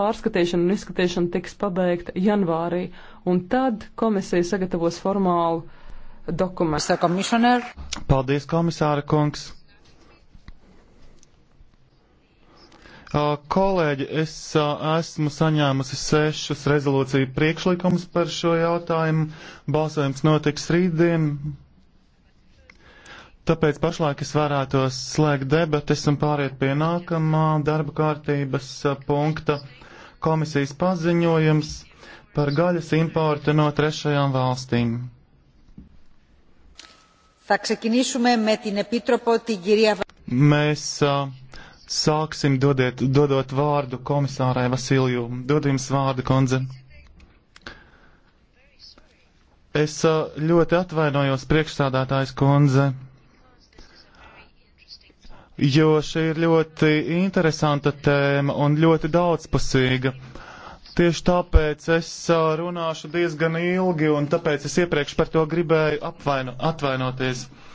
Pārskatīšana un izskatīšana tiks pabeigta janvārī, un tad komisija sagatavos formālu dokumentu. Paldies, komisāra kungs! Uh, kolēģi, es uh, esmu saņēmusi sešus rezolūciju priekšlikumus par šo jautājumu. Balsojums notiks rītdien. Tāpēc pašlaik es varētu slēgt debates un pāriet pie nākamā darba kārtības punkta komisijas paziņojums par gaļas importu no trešajām valstīm. Mēs sāksim dodiet, dodot vārdu komisārai Vasilju. Dod jums vārdu, kundze. Es ļoti atvainojos priekšstādātājs kundze jo šī ir ļoti interesanta tēma un ļoti daudzpusīga. Tieši tāpēc es runāšu diezgan ilgi, un tāpēc es iepriekš par to gribēju apvaino, atvainoties. Uh,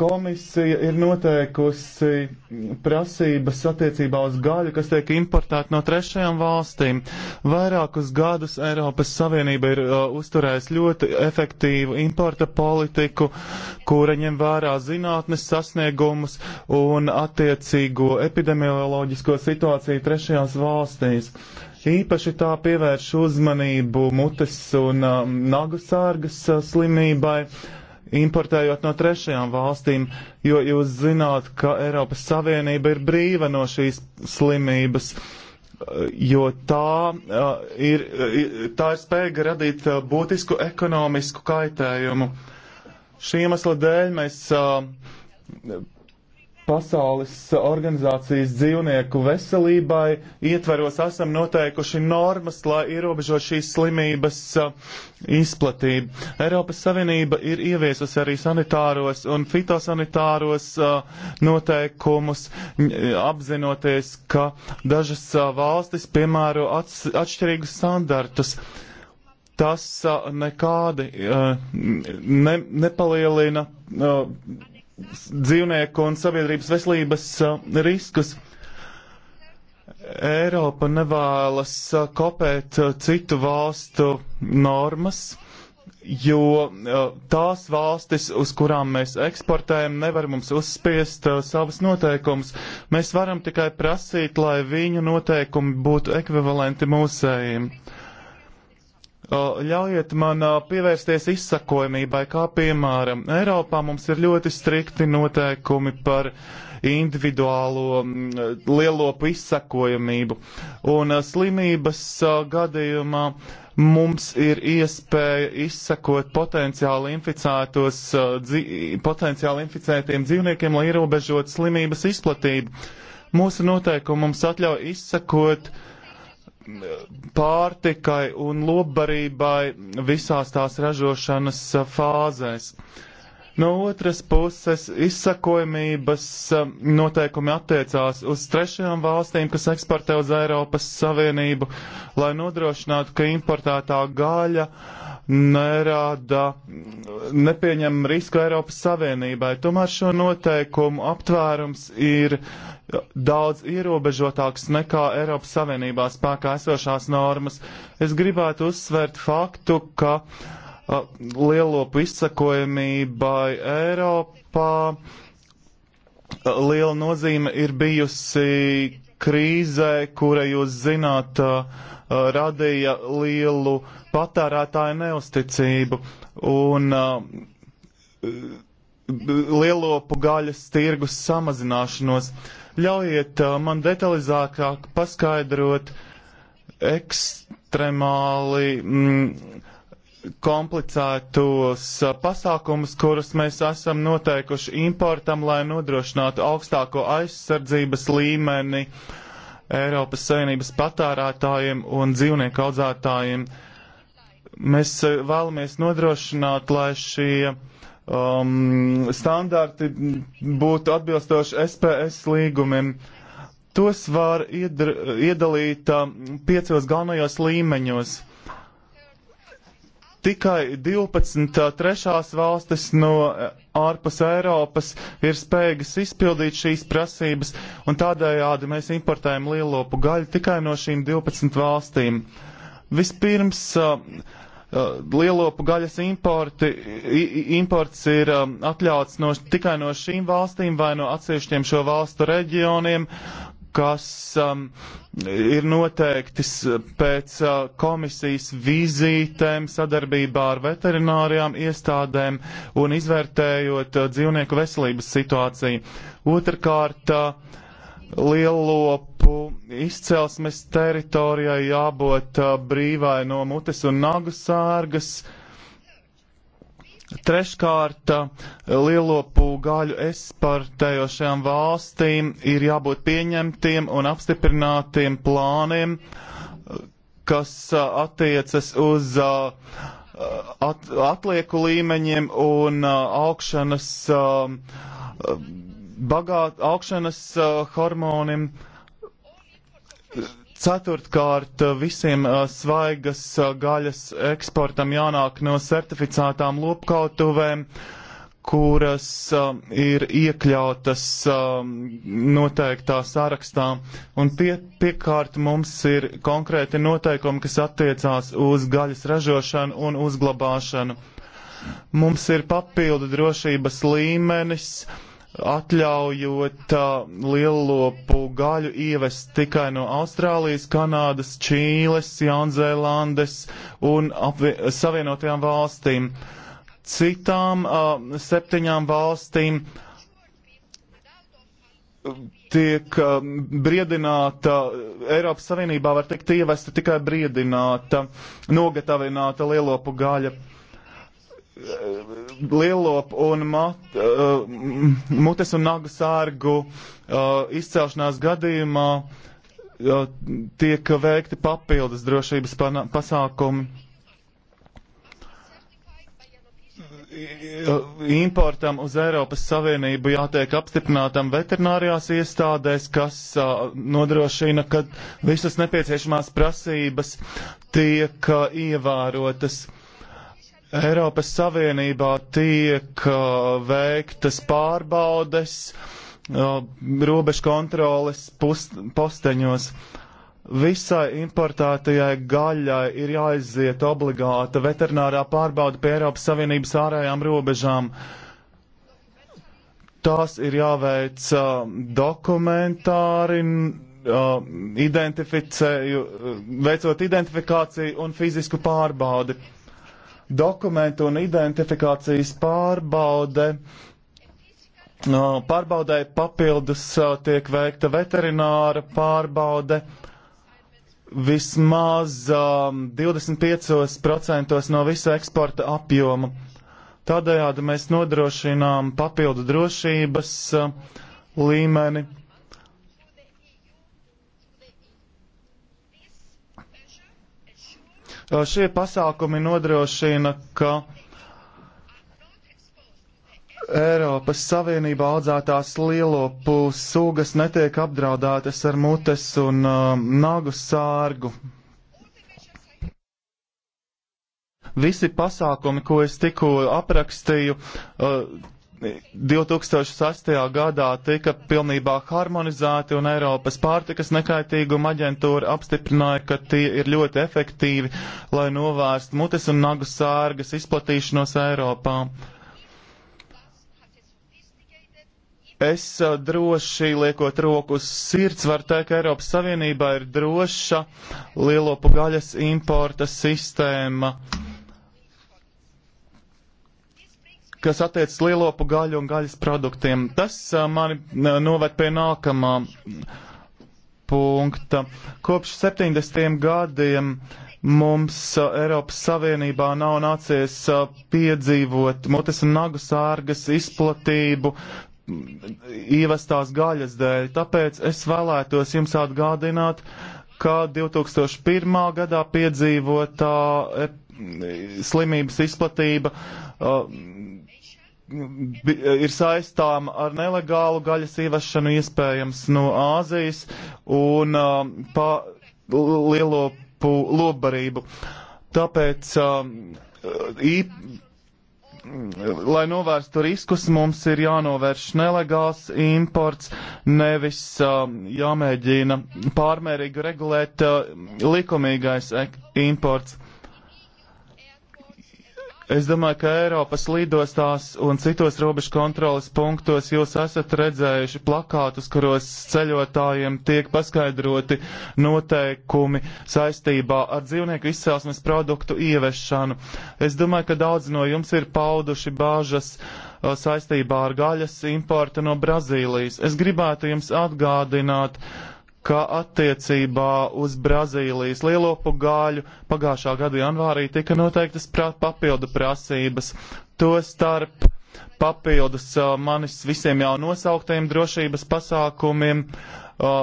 Komisija ir noteikusi prasības attiecībā uz gaļu, kas tiek importēta no trešajām valstīm. Vairākus gadus Eiropas Savienība ir uh, uzturējusi ļoti efektīvu importa politiku, kura ņem vērā zinātnes sasniegumus un attiecīgo epidemioloģisko situāciju trešajās valstīs. Īpaši tā pievērš uzmanību mutes un um, nagu sārgas uh, slimībai importējot no trešajām valstīm, jo jūs zināt, ka Eiropas Savienība ir brīva no šīs slimības, jo tā eh, ir, eh, tā ir spēja radīt eh, būtisku ekonomisku kaitējumu. Šī iemesla dēļ mēs Pasaules organizācijas dzīvnieku veselībai ietveros esam noteikuši normas, lai ierobežot šīs slimības uh, izplatību. Eiropas Savienība ir ieviesusi arī sanitāros un fitosanitāros uh, noteikumus, apzinoties, ka dažas uh, valstis piemēro atšķirīgus standartus tas nekādi ne, nepalielina dzīvnieku un sabiedrības veselības riskus. Eiropa nevēlas kopēt citu valstu normas, jo tās valstis, uz kurām mēs eksportējam, nevar mums uzspiest savas noteikumus. Mēs varam tikai prasīt, lai viņu noteikumi būtu ekvivalenti mūsējiem. Uh, Ļaujiet man pievērsties izsakojumībai, kā piemēram Eiropā mums ir ļoti strikti noteikumi par individuālo lielopu izsakojamību. Un slimības gadījumā mums ir iespēja izsakot potenciāli, inficētos, dzi, potenciāli inficētiem dzīvniekiem, lai ierobežotu slimības izplatību. Mūsu noteikumi mums atļauj izsakot uh, pārtikai un lobbarībai visās tās ražošanas fāzēs. Uh, No otras puses, izsakojamības um, noteikumi attiecās uz trešajām valstīm, kas eksportē uz Eiropas Savienību, lai nodrošinātu, ka importētā gaļa nerāda, nepieņem risku Eiropas Savienībai. Tomēr šo noteikumu aptvērums ir daudz ierobežotāks nekā Eiropas Savienībā spēkā esošās normas. Es gribētu uzsvērt faktu, ka lielopu izsakojamībai Eiropā liela nozīme ir bijusi krīzē, kura, jūs zināt, radīja lielu patērētāju neusticību. Un lielopu gaļas tirgus samazināšanos. Ļaujiet man detalizētāk paskaidrot ekstremāli mm, komplicētos pasākumus, kurus mēs esam noteikuši importam, lai nodrošinātu augstāko aizsardzības līmeni Eiropas Savienības patērētājiem un dzīvnieku audzētājiem. Mēs vēlamies nodrošināt, lai šie um, standarti būtu atbilstoši SPS līgumiem. Tos var iedalīt uh, piecos galvenajos līmeņos. Uh, Tikai 12 trešās valstis no ārpus Eiropas ir spējīgas izpildīt šīs prasības, un tādējādi mēs importējam lielopu gaļu tikai no šīm 12 valstīm. Vispirms lielopu gaļas importi, imports ir atļauts no, tikai no šīm valstīm vai no atsevišķiem šo valstu reģioniem, kas um, ir noteikti pēc uh, komisijas vizītēm sadarbībā ar veterinārijām iestādēm un izvērtējot uh, dzīvnieku veselības situāciju. Otrakārt, uh, lielopu izcelsmes teritorijai jābūt uh, brīvai no mutes un nagu sārgas. Uh, Treškārt, lielopu gaļu eksportējošajām valstīm ir jābūt pieņemtiem un apstiprinātiem plāniem, kas attiecas uz at, atlieku līmeņiem un augšanas, bagāt, augšanas hormoniem. Ceturtkārt, visiem svaigas gaļas eksportam jānāk no certificētām lopkautuvēm, kuras ir iekļautas noteiktā sarakstā. Un pie, piekārt mums ir konkrēti noteikumi, kas attiecās uz gaļas ražošanu un uzglabāšanu. Mums ir papildu drošības līmenis atļaujot uh, lielopu gaļu ievest tikai no Austrālijas, Kanādas, Čīles, Jaunzēlandes un Savienotajām valstīm. Citām uh, septiņām valstīm tiek uh, briedināta, Eiropas Savienībā var tikt ievesta tikai briedināta, nogatavināta lielopu gaļa. Uh, Eh, lielopu un mat, uh, eh, mutes un nagu sārgu uh, eh, izcelšanās gadījumā uh, tiek veikti papildus drošības pasākumi. Importam uz Eiropas Savienību jātiek apstiprinātam veterinārijās iestādēs, kas uh, nodrošina, ka visas nepieciešamās prasības tiek uh, ievērotas. Uh, Eiropas Savienībā tiek uh, veiktas pārbaudes, uh, robežu kontroles pust, posteņos. Visai importētajai gaļai ir jāiziet obligāta veterinārā pārbauda pie Eiropas Savienības ārējām robežām. Tās ir jāveic uh, dokumentāri, uh, identificēju, uh, veicot identifikāciju un fizisku pārbaudi dokumentu un identifikācijas pārbaude. Pārbaudē papildus uh, tiek veikta veterināra pārbaude vismaz um, 25% no visa eksporta apjoma. Tādējādi mēs nodrošinām papildu drošības uh, līmeni Šie pasākumi nodrošina, ka Eiropas Savienībā audzētās lielopu sugas netiek apdraudētas ar mutes un uh, nagu sārgu. Visi pasākumi, ko es tikko aprakstīju, uh, 2008. gadā tika pilnībā harmonizēti un Eiropas pārtikas nekaitīguma aģentūra apstiprināja, ka tie ir ļoti efektīvi, lai novērst mutes un nagu sārgas izplatīšanos Eiropā. Es droši liekot roku uz sirds, varu teikt, ka Eiropas Savienībā ir droša lielopu gaļas importa sistēma. Uh, kas attiecas lielopu gaļu un gaļas produktiem. Tas mani noved pie nākamā punkta. Kopš 70. gadiem mums Eiropas Savienībā nav nācies piedzīvot mutes un nagu sārgas izplatību ievestās gaļas dēļ. Tāpēc es vēlētos jums atgādināt, ka 2001. gadā piedzīvotā slimības izplatība ir saistāma ar nelegālu gaļas ievešanu iespējams no Āzijas un uh, pa lielopu lobbarību. Tāpēc uh, um, īp, lai novērstu riskus, mums ir jānovērš nelegāls imports, nevis uh, jāmēģina pārmērīgi regulēt uh, likumīgais imports. Es domāju, ka Eiropas lidostās un citos robežu kontrolas punktos jūs esat redzējuši plakātus, kuros ceļotājiem tiek paskaidroti noteikumi saistībā ar dzīvnieku izcelsmes produktu ievešanu. Es domāju, ka daudz no jums ir pauduši bāžas uh, saistībā ar gaļas importu no Brazīlijas. Es gribētu jums atgādināt, uh, ka attiecībā uz Brazīlijas lielopu gāļu pagājušā gada janvārī tika noteiktas prā, papildu prasības. Tostarp papildus uh, manis visiem jau nosauktajiem drošības pasākumiem uh,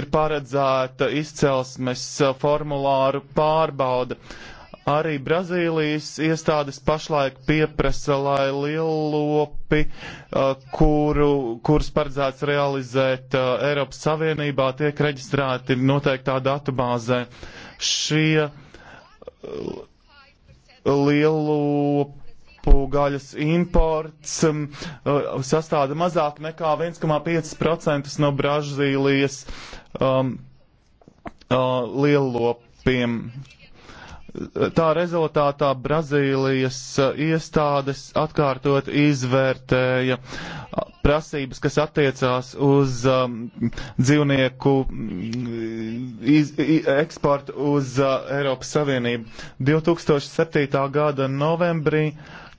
ir paredzēta izcelsmes uh, formulāru pārbauda. Arī Brazīlijas iestādes pašlaik pieprasa, lai lielopi, uh, kuru, kurus paredzēts realizēt uh, Eiropas Savienībā, tiek reģistrēti noteiktā datubāzē. Šie uh, lielopu gaļas imports um, sastāda mazāk nekā 1,5% no Brazīlijas um, uh, lielopiem. Tā rezultātā Brazīlijas uh, iestādes atkārtot izvērtēja uh, prasības, kas attiecās uz um, dzīvnieku mm, iz, eksportu uz uh, Eiropas Savienību. 2007. gada novembrī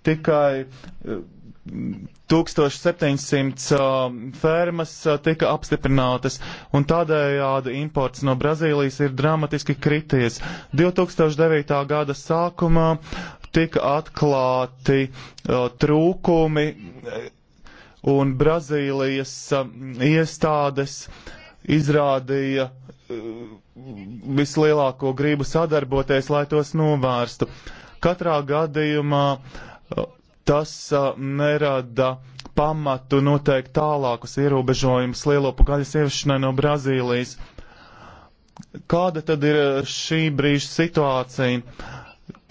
tikai uh, 1700 uh, fermas uh, tika apstiprinātas, un tādējādi imports no Brazīlijas ir dramatiski krities. 2009. gada sākumā tika atklāti uh, trūkumi, un Brazīlijas iestādes izrādīja vislielāko gribu sadarboties, lai tos novērstu. Katrā gadījumā tas uh, nerada pamatu noteikt tālākus ierobežojumus lielopu gaļas ieviešanai no Brazīlijas. Kāda tad ir šī brīža situācija?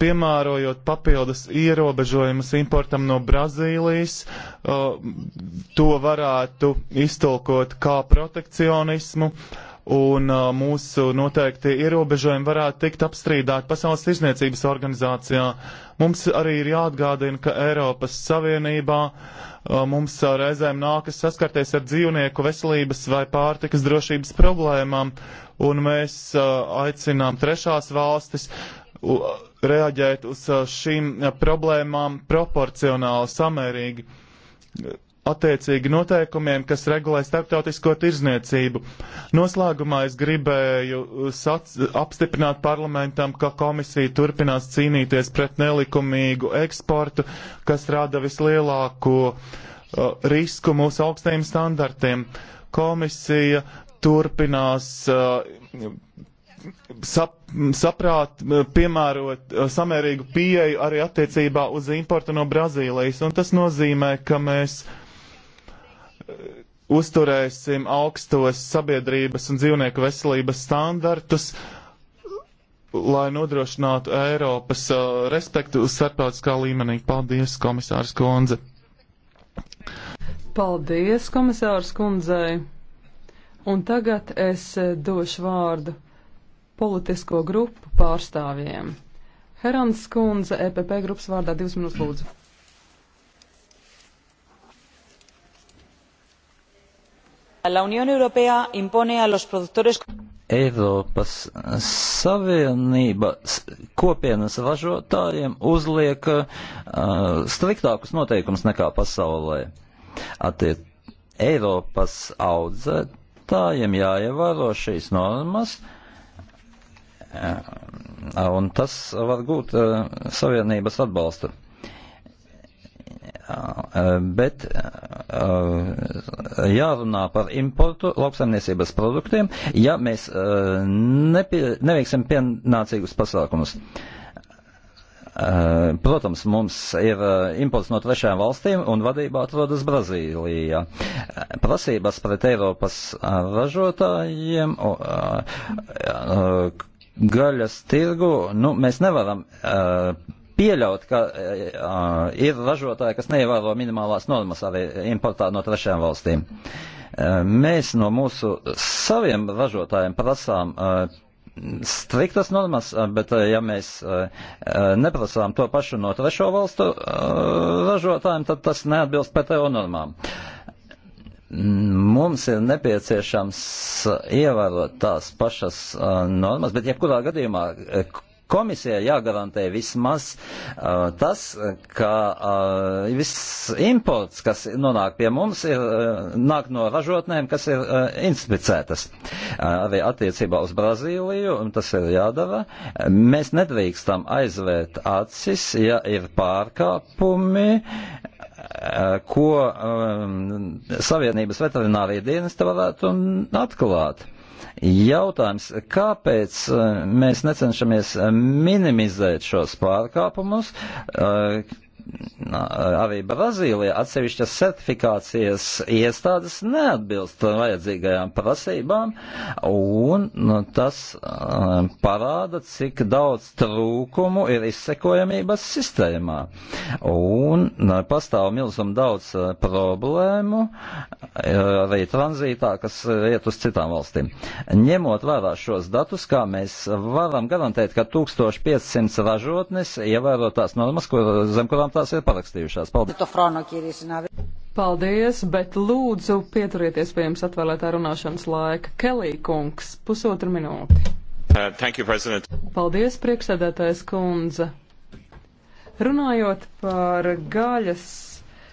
Piemērojot papildus ierobežojumus importam no Brazīlijas, uh, to varētu iztolkot kā protekcionismu, un uh, mūsu noteikti ierobežojumi varētu tikt apstrīdāti Pasaules tirzniecības organizācijā. Uh, Mums arī ir jāatgādina, ka Eiropas Savienībā uh, mums reizēm nākas saskarties ar dzīvnieku veselības vai pārtikas drošības problēmām, un mēs uh, aicinām trešās valstis reaģēt uz uh, šīm problēmām proporcionāli, samērīgi attiecīgi noteikumiem, kas regulē starptautisko tirzniecību. Noslēgumā es gribēju uh, sac, apstiprināt parlamentam, ka komisija turpinās cīnīties pret nelikumīgu eksportu, kas rada vislielāko uh, risku mūsu augstajiem standartiem. Komisija turpinās uh, sap, saprāt, uh, piemērot uh, samērīgu pieeju arī attiecībā uz importu no Brazīlijas, un tas nozīmē, ka mēs uh, uzturēsim augstos sabiedrības un dzīvnieku veselības standartus, lai nodrošinātu Eiropas uh, respektu uz starptautiskā līmenī. Paldies, komisārs Kundze! Paldies, komisārs Kundzei! Un tagad es uh, došu vārdu politisko grupu pārstāvjiem. Herans Kundze, EPP grupas vārdā, divas minūtes lūdzu. la unión europea impone a los productores Eiropas Savienība kopienas ražotājiem uzliek uh, striktākus noteikumus nekā pasaulē. Attiet, Eiropas audzētājiem jāievēro šīs normas, uh, un tas var būt uh, Savienības atbalstu. Eh, bet eh, jārunā par importu lauksaimniecības produktiem, ja mēs eh, nepie, neveiksim pienācīgus pasākumus. Protams, mums ir imports no trešajām valstīm, un vadībā atrodas Brazīlija. Prasības pret Eiropas ražotājiem, gaļas tirgu, nu, mēs nevaram uh, pieļaut, ka uh, ir ražotāji, kas neievēro minimālās normas arī importā no trešajām valstīm. Uh, mēs no mūsu saviem ražotājiem prasām uh, striktas normas, bet ja mēs neprasām to pašu no trešo valstu ražotājiem, tad tas neatbilst PTO normām. Mums ir nepieciešams ievērot tās pašas normas, bet jebkurā gadījumā Komisijai jāgarantē vismaz uh, tas, ka uh, viss imports, kas nonāk pie mums, ir, uh, nāk no ražotnēm, kas ir uh, inspicētas. Uh, arī attiecībā uz Brazīliju, un tas ir jādara, mēs nedrīkstam aizvērt acis, ja ir pārkāpumi. Uh, ko um, Savienības veterinārija dienesta varētu atklāt. Jautājums, kāpēc eh, mēs necenšamies minimizēt šos pārkāpumus, eh, arī Brazīlijā atsevišķas certifikācijas iestādes neatbilst vajadzīgajām prasībām, un nu, tas um, parāda, cik daudz trūkumu ir izsekojamības sistēmā. Un nu, pastāv milzum daudz uh, problēmu uh, arī tranzītā, kas iet uz citām valstīm. Ņemot vērā šos datus, kā mēs varam garantēt, ka 1500 ražotnes ievēro tās normas, kur, zem kurām tās ir parakstījušās. Paldies! Paldies, bet lūdzu pieturieties pie jums atvēlētā runāšanas laika. Kelī kungs, pusotru minūti. Uh, thank you, President. Paldies, priekšsēdētājs kundze. Runājot par gaļas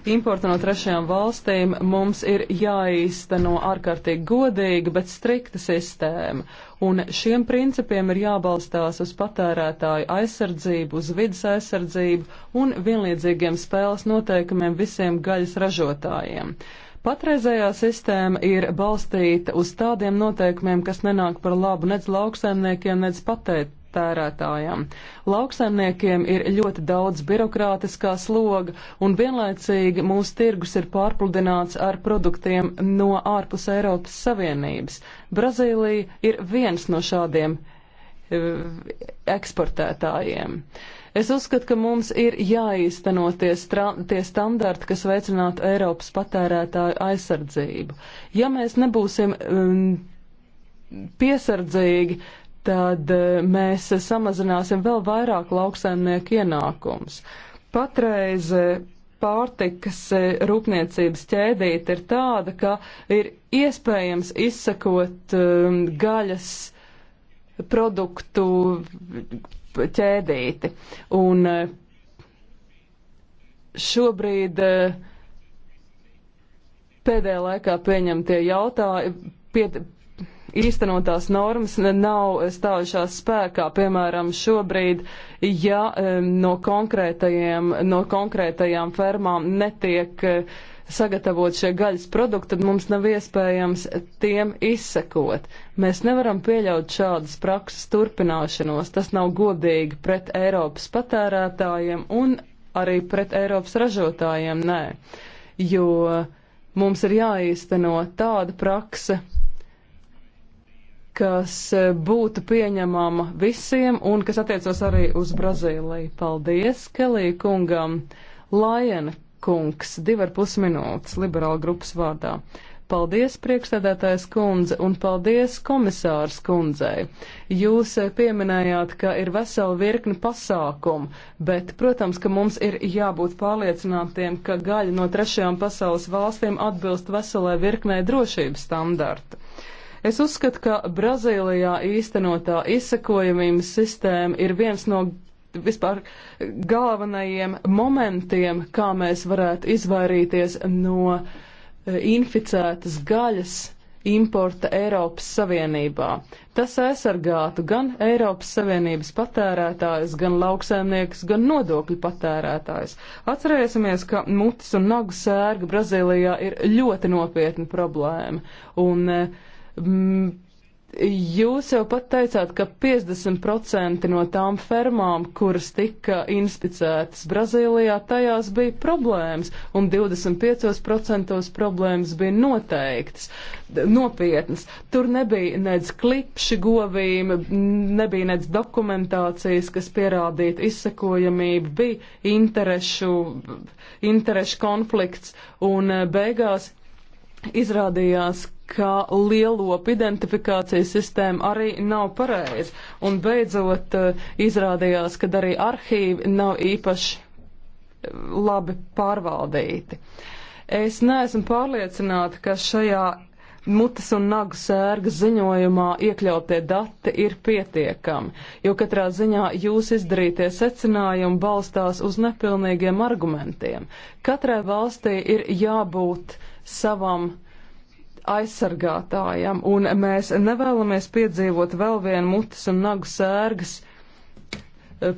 importu no trešajām valstīm mums ir jāīsteno ārkārtīgi godīga, bet strikta sistēma. Un šiem principiem ir jābalstās uz patērētāju aizsardzību, uz vidas aizsardzību un vienlīdzīgiem spēles noteikumiem visiem gaļas ražotājiem. Patreizējā sistēma ir balstīta uz tādiem noteikumiem, kas nenāk par labu nec lauksaimniekiem, nec patēt, tērētājam. Lauksaimniekiem ir ļoti daudz birokrātiskā sloga, un vienlaicīgi mūsu tirgus ir pārpludināts ar produktiem no ārpus Eiropas Savienības. Brazīlija ir viens no šādiem eh, eksportētājiem. Es uzskatu, ka mums ir jāīsteno tie, tie standarti, kas veicinātu Eiropas patērētāju aizsardzību. Ja mēs nebūsim um, piesardzīgi, tad eh, mēs samazināsim vēl vairāk lauksaimnieku ienākums. Patreiz pārtikas eh, rūpniecības ķēdīte ir tāda, ka ir iespējams izsakot eh, gaļas produktu ķēdīti. Un šobrīd pēdējā laikā pieņemtie jautājumi īstenotās normas nav stājušās spēkā. Piemēram, šobrīd, ja no, no konkrētajām fermām netiek eh, sagatavot šie gaļas produkti, tad mums nav iespējams tiem izsekot. Mēs nevaram pieļaut šādas prakses turpināšanos. Tas nav godīgi pret Eiropas patērētājiem un arī pret Eiropas ražotājiem, nē. Jo mums ir jāīsteno tāda prakse, kas eh, būtu pieņemama visiem un kas attiecos arī uz Brazīliju. Paldies, Kelī kungam. Lajena kungs, divi ar pus minūtes, liberāla grupas vārdā. Paldies, priekšstādātājs kundze, un paldies komisārs kundzei. Jūs eh, pieminējāt, ka ir vesela virkni pasākumu, bet, protams, ka mums ir jābūt pārliecinātiem, ka gaļa no trešajām pasaules valstīm atbilst veselai virknei drošības standarta. Es uzskatu, ka Brazīlijā īstenotā izsekojamības sistēma ir viens no vispār galvenajiem momentiem, kā mēs varētu izvairīties no e, inficētas gaļas importa Eiropas Savienībā. Tas aizsargātu gan Eiropas Savienības patērētājus, gan lauksēmniekus, gan nodokļu patērētājus. Atcerēsimies, ka mutes un nagu sērga Brazīlijā ir ļoti nopietna problēma. Un, uh, Mm, Jūs jau pat teicāt, ka 50% no tām fermām, kuras tika inspicētas Brazīlijā, tajās bija problēmas, un 25% problēmas bija noteiktas, nopietnas. Tur nebija nec klipši govīm, nebija nec dokumentācijas, kas pierādītu izsekojamību, bija interešu, interešu konflikts, un eh, beigās izrādījās, ka lielopu identifikācijas sistēma arī nav pareiza. Un beidzot eh, izrādījās, ka arī arhīvi nav īpaši eh, labi pārvaldīti. Es neesmu pārliecināta, ka šajā mutes un nagu sērgas ziņojumā iekļautie dati ir pietiekami, jo katrā ziņā jūs izdarītie secinājumi balstās uz nepilnīgiem argumentiem. Katrai valstī ir jābūt savam uh, aizsargātājam, un mēs nevēlamies piedzīvot vēl vienu mutes un nagu sērgas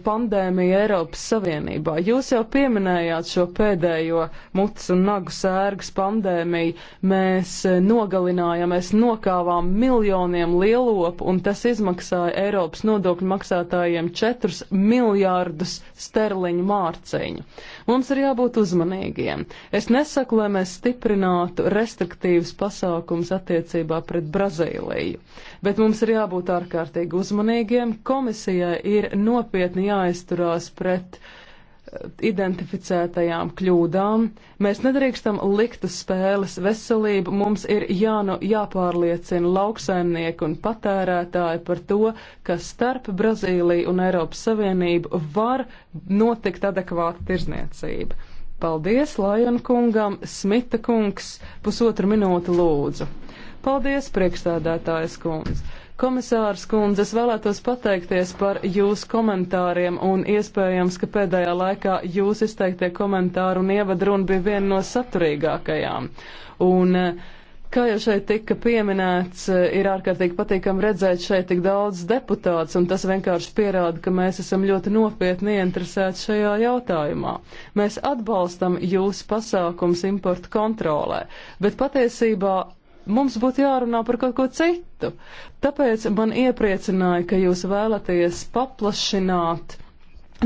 pandēmija Eiropas Savienībā. Jūs jau pieminējāt šo pēdējo mutes un nagu sērgas pandēmiju. Mēs eh, nogalinājām, mēs nokāvām miljoniem lielopu, un tas izmaksāja Eiropas nodokļu maksātājiem 4 miljārdus sterliņu mārciņu. Mums ir jābūt uzmanīgiem. Es nesaku, lai mēs stiprinātu restriktīvas pasākums attiecībā pret Brazīliju, bet mums ir jābūt ārkārtīgi uzmanīgiem. Komisijai ir nopietni nopietni jāizturās pret eh, identificētajām kļūdām. Mēs nedrīkstam likt uz spēles veselību, mums ir jāno, jāpārliecina lauksaimnieki un patērētāji par to, ka starp Brazīliju un Eiropas Savienību var notikt adekvāta tirzniecība. Paldies Lajon kungam, Smita kungs, pusotru minūti lūdzu. Paldies, priekšstādātājas kundze. Komisārs kundze, es vēlētos pateikties par jūsu komentāriem un iespējams, ka pēdējā laikā jūs izteiktie komentāri un ievadruna bija viena no saturīgākajām. Un, eh, Kā jau šeit tika pieminēts, eh, ir ārkārtīgi patīkami redzēt šeit tik daudz deputāts, un tas vienkārši pierāda, ka mēs esam ļoti nopietni ieinteresēti šajā jautājumā. Mēs atbalstam jūsu pasākums importu kontrolē, bet patiesībā Mums būtu jārunā par kaut ko citu. Tāpēc man iepriecināja, ka jūs vēlaties paplašināt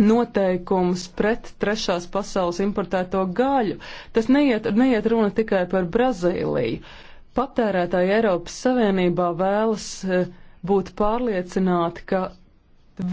noteikums pret trešās pasaules importēto gaļu. Tas neiet, neiet runa tikai par Brazīliju. Patērētāji Eiropas Savienībā vēlas eh, būt pārliecināti, ka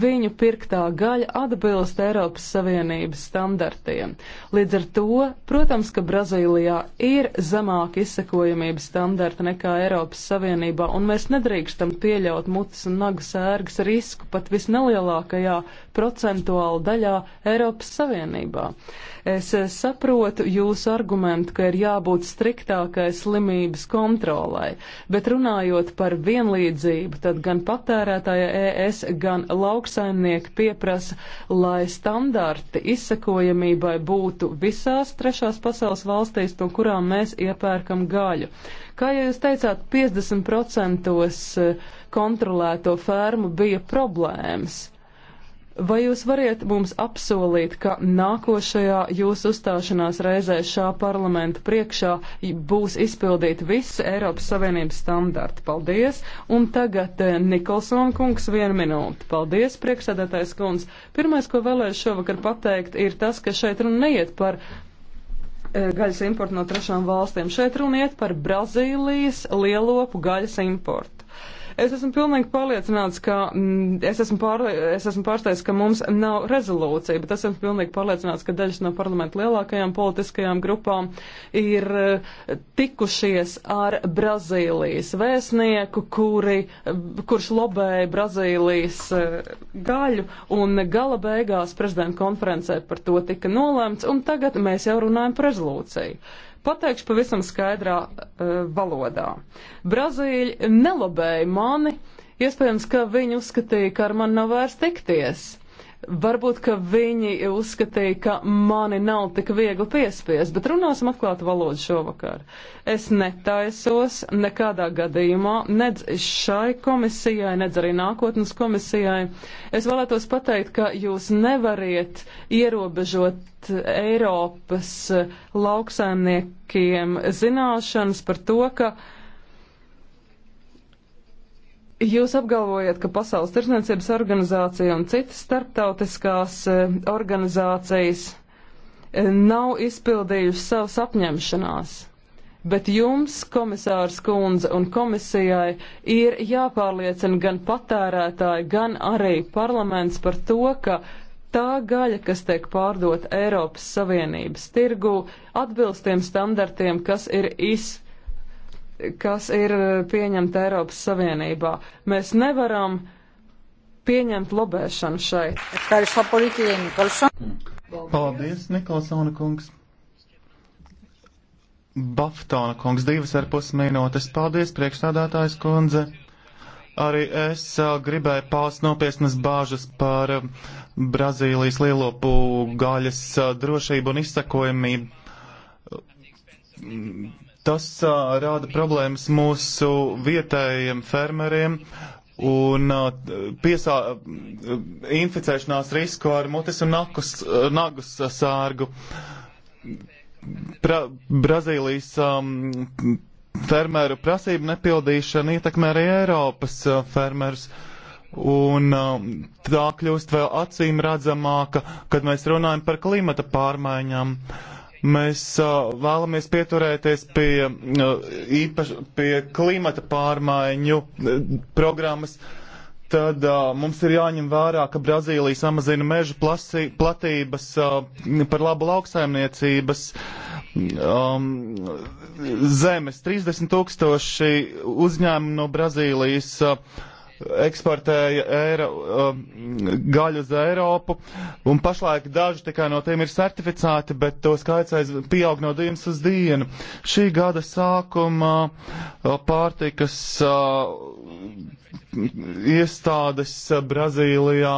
viņu pirktā gaļa atbilst Eiropas Savienības standartiem. Līdz ar to, protams, ka Brazīlijā ir zemāka izsekojamības standarta nekā Eiropas Savienībā, un mēs nedrīkstam pieļaut mutes un nagu sērgas risku pat visnelielākajā procentuāla daļā Eiropas Savienībā. Uh, Es eh, saprotu jūsu argumentu, ka ir jābūt striktākai slimības kontrolai, bet runājot par vienlīdzību, tad gan patērētāja ES, gan lauksaimnieki pieprasa, lai standarti izsakojamībai būtu visās trešās pasaules valstīs, no kurām mēs iepērkam gaļu. Kā jūs teicāt, 50% eh, kontrolēto fermu bija problēmas. Vai jūs variet mums apsolīt, ka nākošajā jūsu uzstāšanās reizē šā parlamenta priekšā būs izpildīti visi Eiropas Savienības standarti? Paldies! Un tagad eh, Nikolson kungs vienu minūti. Paldies, priekšsēdētājs kungs! Pirmais, ko vēlēju šovakar pateikt, ir tas, ka šeit runa neiet par eh, gaļas importu no trešām valstīm. Šeit runa iet par Brazīlijas lielopu gaļas importu. Es esmu pilnīgi pārliecināts, ka mm, es esmu, pār, es esmu pārsteigts, ka mums nav rezolūcija, bet esmu pilnīgi pārliecināts, ka dažas no parlamenta lielākajām politiskajām grupām ir eh, tikušies ar Brazīlijas vēstnieku, kuri, eh, kurš lobēja Brazīlijas eh, gaļu, un gala beigās prezidenta konferencē par to tika nolēmts, un tagad mēs jau runājam par rezolūciju. Pateikšu pavisam skaidrā uh, valodā. Brazīļi nelabēja mani, iespējams, ka viņi uzskatīja, ka ar mani nav vairs tikties. Varbūt, ka viņi uzskatīja, ka mani nav tik viegli piespiest, bet runāsim atklātu valodu šovakar. Es netaisos nekādā gadījumā, nedz šai komisijai, nedz arī nākotnes komisijai. Es vēlētos pateikt, ka jūs nevariet ierobežot Eiropas lauksaimniekiem zināšanas par to, ka Jūs apgalvojat, ka Pasaules tirsniecības organizācija un citas starptautiskās e, organizācijas e, nav izpildījusi savas apņemšanās. Bet jums, komisārs kundze un komisijai, ir jāpārliecina gan patērētāji, gan arī parlaments par to, ka tā gaļa, kas tiek pārdota Eiropas Savienības tirgū, atbilst tiem standartiem, kas ir izpildīti kas ir pieņemta Eiropas Savienībā. Mēs nevaram pieņemt lobēšanu šeit. Paldies, Nikolsona kungs. Baftona kungs, divas ar pus minūtes. Paldies, priekšstādātājs kundze. Arī es uh, gribēju paust nopietnas bāžas par uh, Brazīlijas lielopu gaļas uh, drošību un izsakojamību. Uh, Tas uh, rāda problēmas mūsu vietējiem fermeriem un uh, piesā, uh, inficēšanās risku ar mutes un nakus, uh, nagus uh, sārgu. Pra, Brazīlijas um, fermeru prasību nepildīšana ietekmē arī Eiropas uh, fermerus. Un uh, tā kļūst vēl acīm redzamāka, kad mēs runājam par klimata pārmaiņām. Uh, Mēs uh, vēlamies pieturēties pie, uh, īpaš, pie klimata pārmaiņu uh, programmas. Tad uh, mums ir jāņem vērā, ka Brazīlija samazina meža plasī, platības uh, par labu lauksaimniecības um, zemes. 30 tūkstoši uzņēmumu no Brazīlijas. Uh, eksportēja eiro, um, gaļu uz Eiropu, un pašlaik daži tikai no tiem ir certificēti, bet to skaits aiz pieaug no dienas uz dienu. Šī gada sākumā uh, pārtikas uh, iestādes uh, Brazīlijā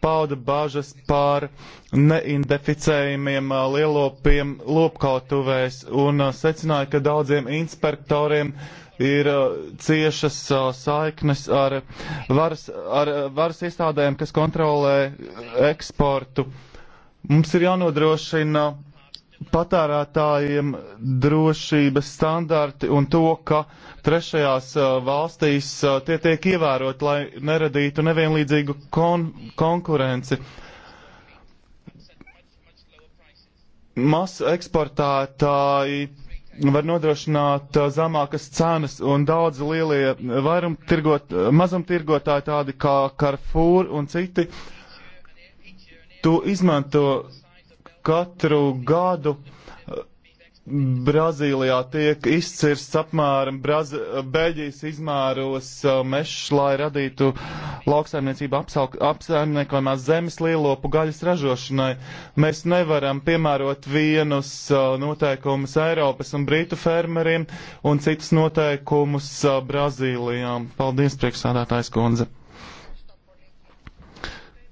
pauda bažas par neindeficējumiem lielopiem lopkautuvēs un secināja, ka daudziem inspektoriem uh, ir uh, ciešas uh, saiknes ar varas, ar uh, varas iestādēm, kas kontrolē eksportu. Mums ir jānodrošina patērētājiem drošības standarti un to, ka trešajās valstīs tie tiek ievērot, lai neradītu nevienlīdzīgu kon konkurenci. Mas eksportētāji var nodrošināt uh, zemākas cenas un daudzi lielie vairumtirgot, uh, mazumtirgotāji tādi kā Carrefour un citi to izmanto katru gadu Brazīlijā tiek izcirsts apmēram Braz Beļģijas izmēros uh, mešs, lai radītu lauksaimniecību apsaimniekojumās zemes lielopu gaļas ražošanai. Mēs nevaram piemērot vienus uh, noteikumus Eiropas un Brītu fermeriem un citus noteikumus uh, Brazīlijām. Paldies, priekšsādātājs kundze.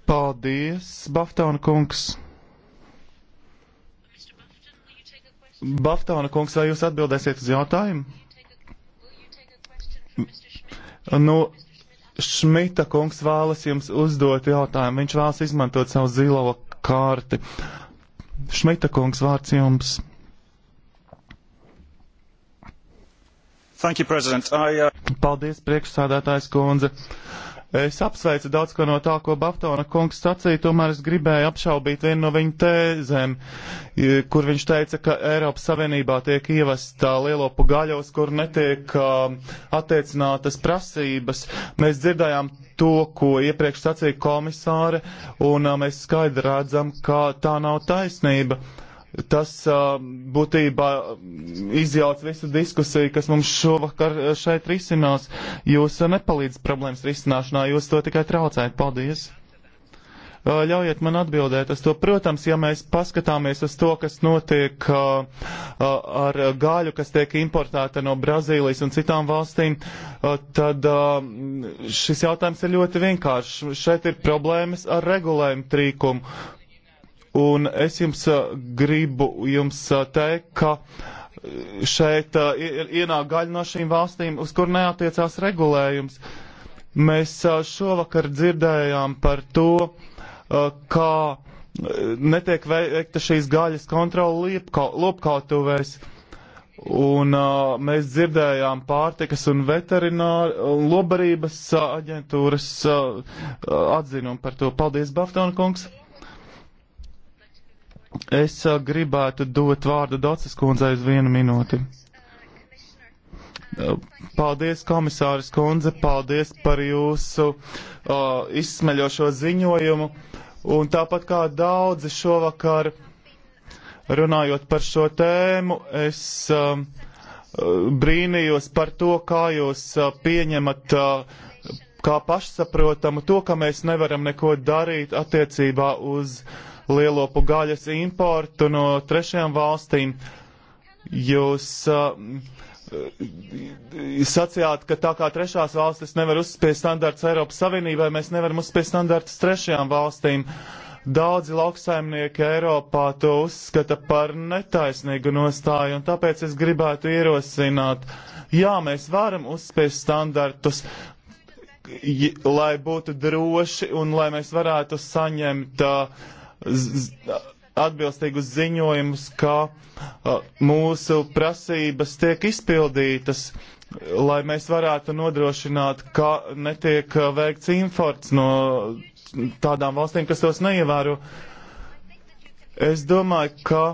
Paldies, Baftauna kungs. Baftona kungs, vai jūs atbildēsiet uz jautājumu? Nu, Šmita kungs vēlas jums uzdot jautājumu. Viņš vēlas izmantot savu zilo kārti. Šmita kungs, vārds jums. Thank you, President. I, uh... Paldies, priekšsādātājs kundze. Uh, Es apsveicu daudz ko no tā, ko Baftona kungs sacīja, tomēr es gribēju apšaubīt vienu no viņa tēzēm, kur viņš teica, ka Eiropas Savienībā tiek ievesta lielopu gaļos, kur netiek uh, attiecinātas prasības. Mēs dzirdējām to, ko iepriekš sacīja komisāre, un uh, mēs skaidri redzam, ka tā nav taisnība. Uh, Tas būtībā izjauc visu diskusiju, kas mums šovakar šeit risinās. Jūs nepalīdzat problēmas risināšanā, jūs to tikai traucējat. Paldies! ļaujiet man atbildēt uz to. Protams, ja mēs paskatāmies uz to, kas notiek uh, ar gāļu, kas tiek importēta no Brazīlijas un citām valstīm, uh, tad uh, šis jautājums ir ļoti vienkāršs. Šeit ir problēmas ar regulējumu trīkumu. Un es jums gribu jums teikt, ka šeit ienāk gaļa no šīm valstīm, uz kur neatiecās regulējums. Mēs šovakar dzirdējām par to, kā netiek veikta šīs gaļas kontrola lopkautuvēs. Un uh, mēs dzirdējām pārtikas un veterināru un lobarības aģentūras uh, atzinumu par to. Paldies, Baftona kungs! Es uh, gribētu dot vārdu Docis kundzei uz vienu minūti. Uh, paldies, komisāris kundze, paldies par jūsu uh, izsmeļošo ziņojumu. Un tāpat kā daudzi šovakar runājot par šo tēmu, es um, uh, brīnījos par to, kā jūs uh, pieņemat uh, kā pašsaprotamu to, ka mēs nevaram neko darīt attiecībā uz uh, lielopu gaļas importu no trešajām valstīm. Jūs uh, sacījāt, ka tā kā trešās valstis nevar uzspiest standarts Eiropas Savienībai, mēs nevaram uzspiest standartus trešajām valstīm. Daudzi lauksaimnieki Eiropā to uzskata par netaisnīgu nostāju, un tāpēc es gribētu ierosināt, jā, mēs varam uzspiest standartus, lai būtu droši un lai mēs varētu saņemt uh, atbilstīgus ziņojumus, ka a, mūsu prasības tiek izpildītas, lai mēs varētu nodrošināt, ka netiek veikts imports no tādām valstīm, kas tos neievēro. Es domāju, ka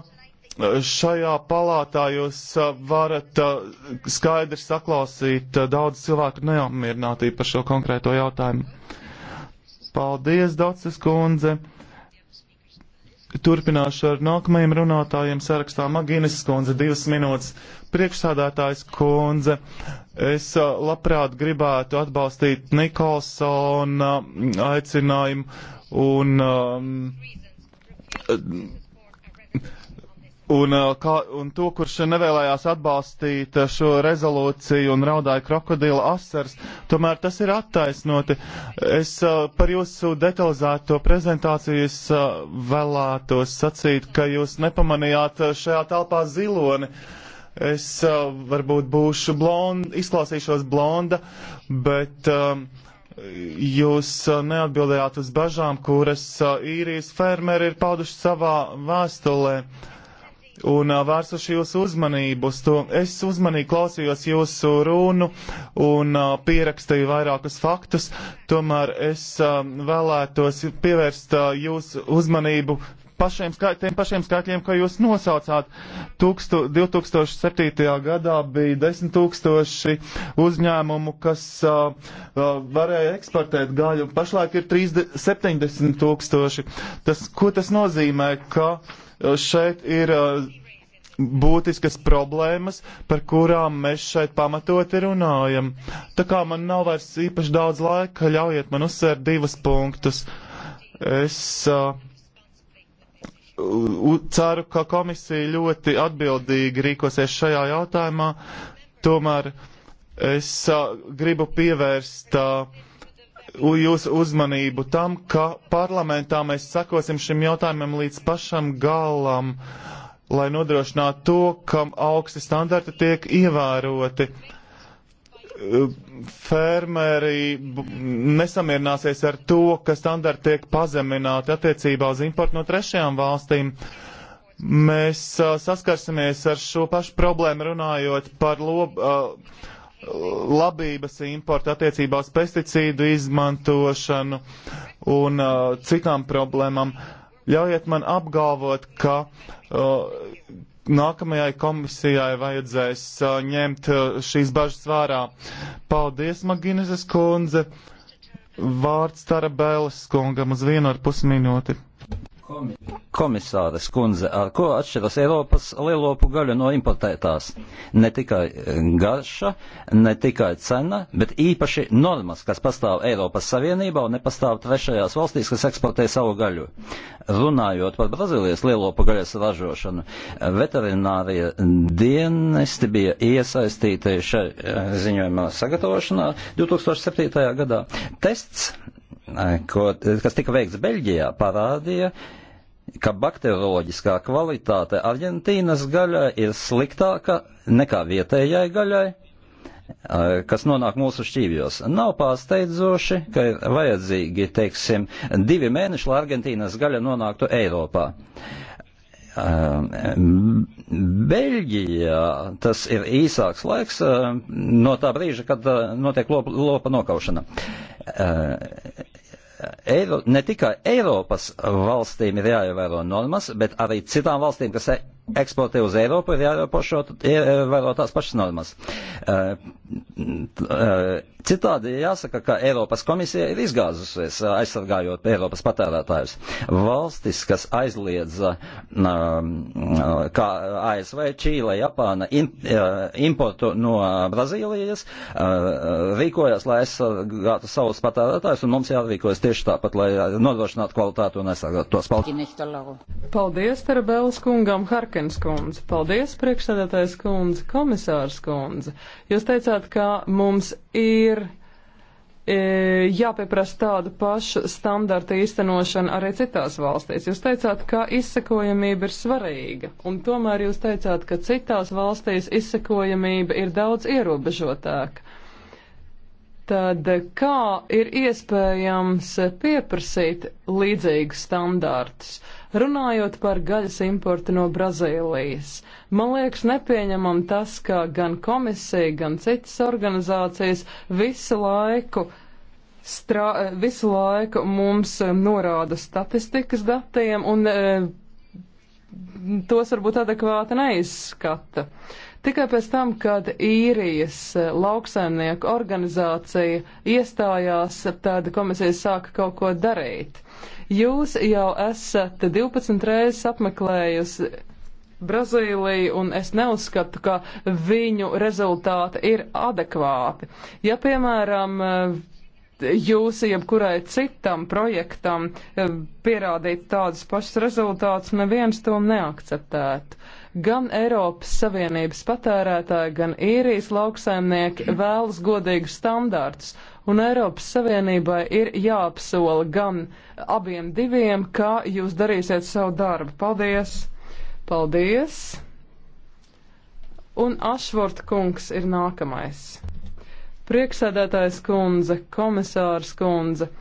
šajā palātā jūs varat skaidri saklausīt daudz cilvēku neapmierinātību par šo konkrēto jautājumu. Paldies, Docis kundze! Turpināšu ar nākamajiem runātājiem sarakstā Magīnes skundze divas minūtes. Priekšsādātājs kundze, es labprāt gribētu atbalstīt Nikolsona aicinājumu un um, Un, eh, kā, un to, kurš nevēlējās atbalstīt eh, šo rezolūciju un raudāja krokodila asars, tomēr tas ir attaisnoti. Es eh, par jūsu detalizēto prezentāciju es vēlētos sacīt, ka jūs nepamanījāt šajā telpā ziloni. Es varbūt būšu blonda, izklausīšos blonda, bet um, Jūs neatbildējāt uz bažām, kuras īrijas fermeri ir pauduši savā vēstulē. Uh, un vērsu uz jūsu uzmanību. Es uzmanīgi klausījos jūsu runu un pierakstīju vairākus faktus, tomēr es vēlētos pievērst jūsu uzmanību pašiem skaitļiem, tiem pašiem skaitļiem, ko jūs nosaucāt. Tūkstu, 2007. gadā bija 10 tūkstoši uzņēmumu, kas uh, varēja eksportēt gaļu, un pašlaik ir 30, 70 tūkstoši. Tas, ko tas nozīmē, ka uh, šeit ir uh, būtiskas problēmas, par kurām mēs šeit pamatoti runājam. Tā kā man nav vairs īpaši daudz laika, ļaujiet man uzsvērt divas punktus. Es uh, ceru, ka komisija ļoti atbildīgi rīkosies šajā jautājumā, tomēr es uh, gribu pievērst uh, jūsu uzmanību tam, ka parlamentā mēs sakosim šim jautājumam līdz pašam galam, lai nodrošinātu to, ka augsti standarti tiek ievēroti. Uh, fermeri nesamierināsies ar to, ka standarti tiek pazemināti attiecībā uz importu no trešajām valstīm. Mēs a, uh, saskarsimies ar šo pašu problēmu runājot par lobu uh, labības importu attiecībā uz pesticīdu izmantošanu un uh, citām problēmām. Ļaujiet man apgalvot, ka uh, nākamajai komisijai vajadzēs uh, ņemt uh, šīs bažas vērā. Paldies, Magineses kundze! Vārds Tarabēlas kungam uz vienu ar pusminūti. Komisāres kundze, ar ko atšķiras Eiropas lielopu gaļa no importētās? Ne tikai garša, ne tikai cena, bet īpaši normas, kas pastāv Eiropas Savienībā un nepastāv trešajās valstīs, kas eksportē savu gaļu. Runājot par Brazīlijas lielopu gaļas ražošanu, veterinārija dienesti bija iesaistīti šai eh, ziņojumā sagatavošanā 2007. gadā. Tests ko, kas tika veikts Beļģijā, parādīja, ka bakterioloģiskā kvalitāte Argentīnas gaļai ir sliktāka nekā vietējai gaļai, kas nonāk mūsu šķīvjos. Nav pārsteidzoši, ka ir vajadzīgi, teiksim, divi mēneši, lai Argentīnas gaļa nonāktu Eiropā. Beļģijā tas ir īsāks laiks no tā brīža, kad notiek lopa, lopa nokaušana. Eiro, ne tikai Eiropas valstīm ir jāievēro normas, bet arī citām valstīm, kas e- eksportē uz Eiropu, ir jāievēro e, jā, tās pašas normas. E, e, citādi jāsaka, ka Eiropas komisija ir izgāzusies, aizsargājot Eiropas patērētājus. Valstis, kas aizliedza, kā ASV, Čīle, Japāna, importu no Brazīlijas, rīkojās, lai aizsargātu savus patērētājus, un mums jārīkojas tieši tāpat, lai nodrošinātu kvalitātu un aizsargātu tos. Paldies, Tarabēlas kungam! Hark Harkins kundze. Paldies, priekšsēdētājs kundze, komisārs kundze. Jūs teicāt, ka mums ir e, jāpieprasa tādu pašu standartu īstenošanu arī citās valstīs. Jūs teicāt, ka izsekojamība ir svarīga, un tomēr jūs teicāt, ka citās valstīs izsekojamība ir daudz ierobežotāka. Tad kā ir iespējams pieprasīt līdzīgus standārtus? Runājot par gaļas importu no Brazīlijas, man liekas nepieņemam tas, ka gan komisija, gan citas organizācijas visu laiku strā, visu laiku mums eh, norāda statistikas datiem un e, tos varbūt adekvāti neizskata. Tikai pēc tam, kad īrijas eh, lauksaimnieku organizācija iestājās, tad komisija sāka kaut ko darīt. Jūs jau esat 12 reizes apmeklējusi Brazīliju, un es neuzskatu, ka viņu rezultāti ir adekvāti. Ja, piemēram, jūs jebkurai citam projektam eh, pierādītu tādus pašus rezultātus, neviens to neakceptētu. Gan Eiropas Savienības patērētāji, gan īrijas lauksaimnieki vēlas godīgus standārtus, un Eiropas Savienībai ir jāapsola gan abiem diviem, kā jūs darīsiet savu darbu. Paldies! Paldies! Un Ašvort kungs ir nākamais. Prieksēdētājs kundze, komisārs kundze.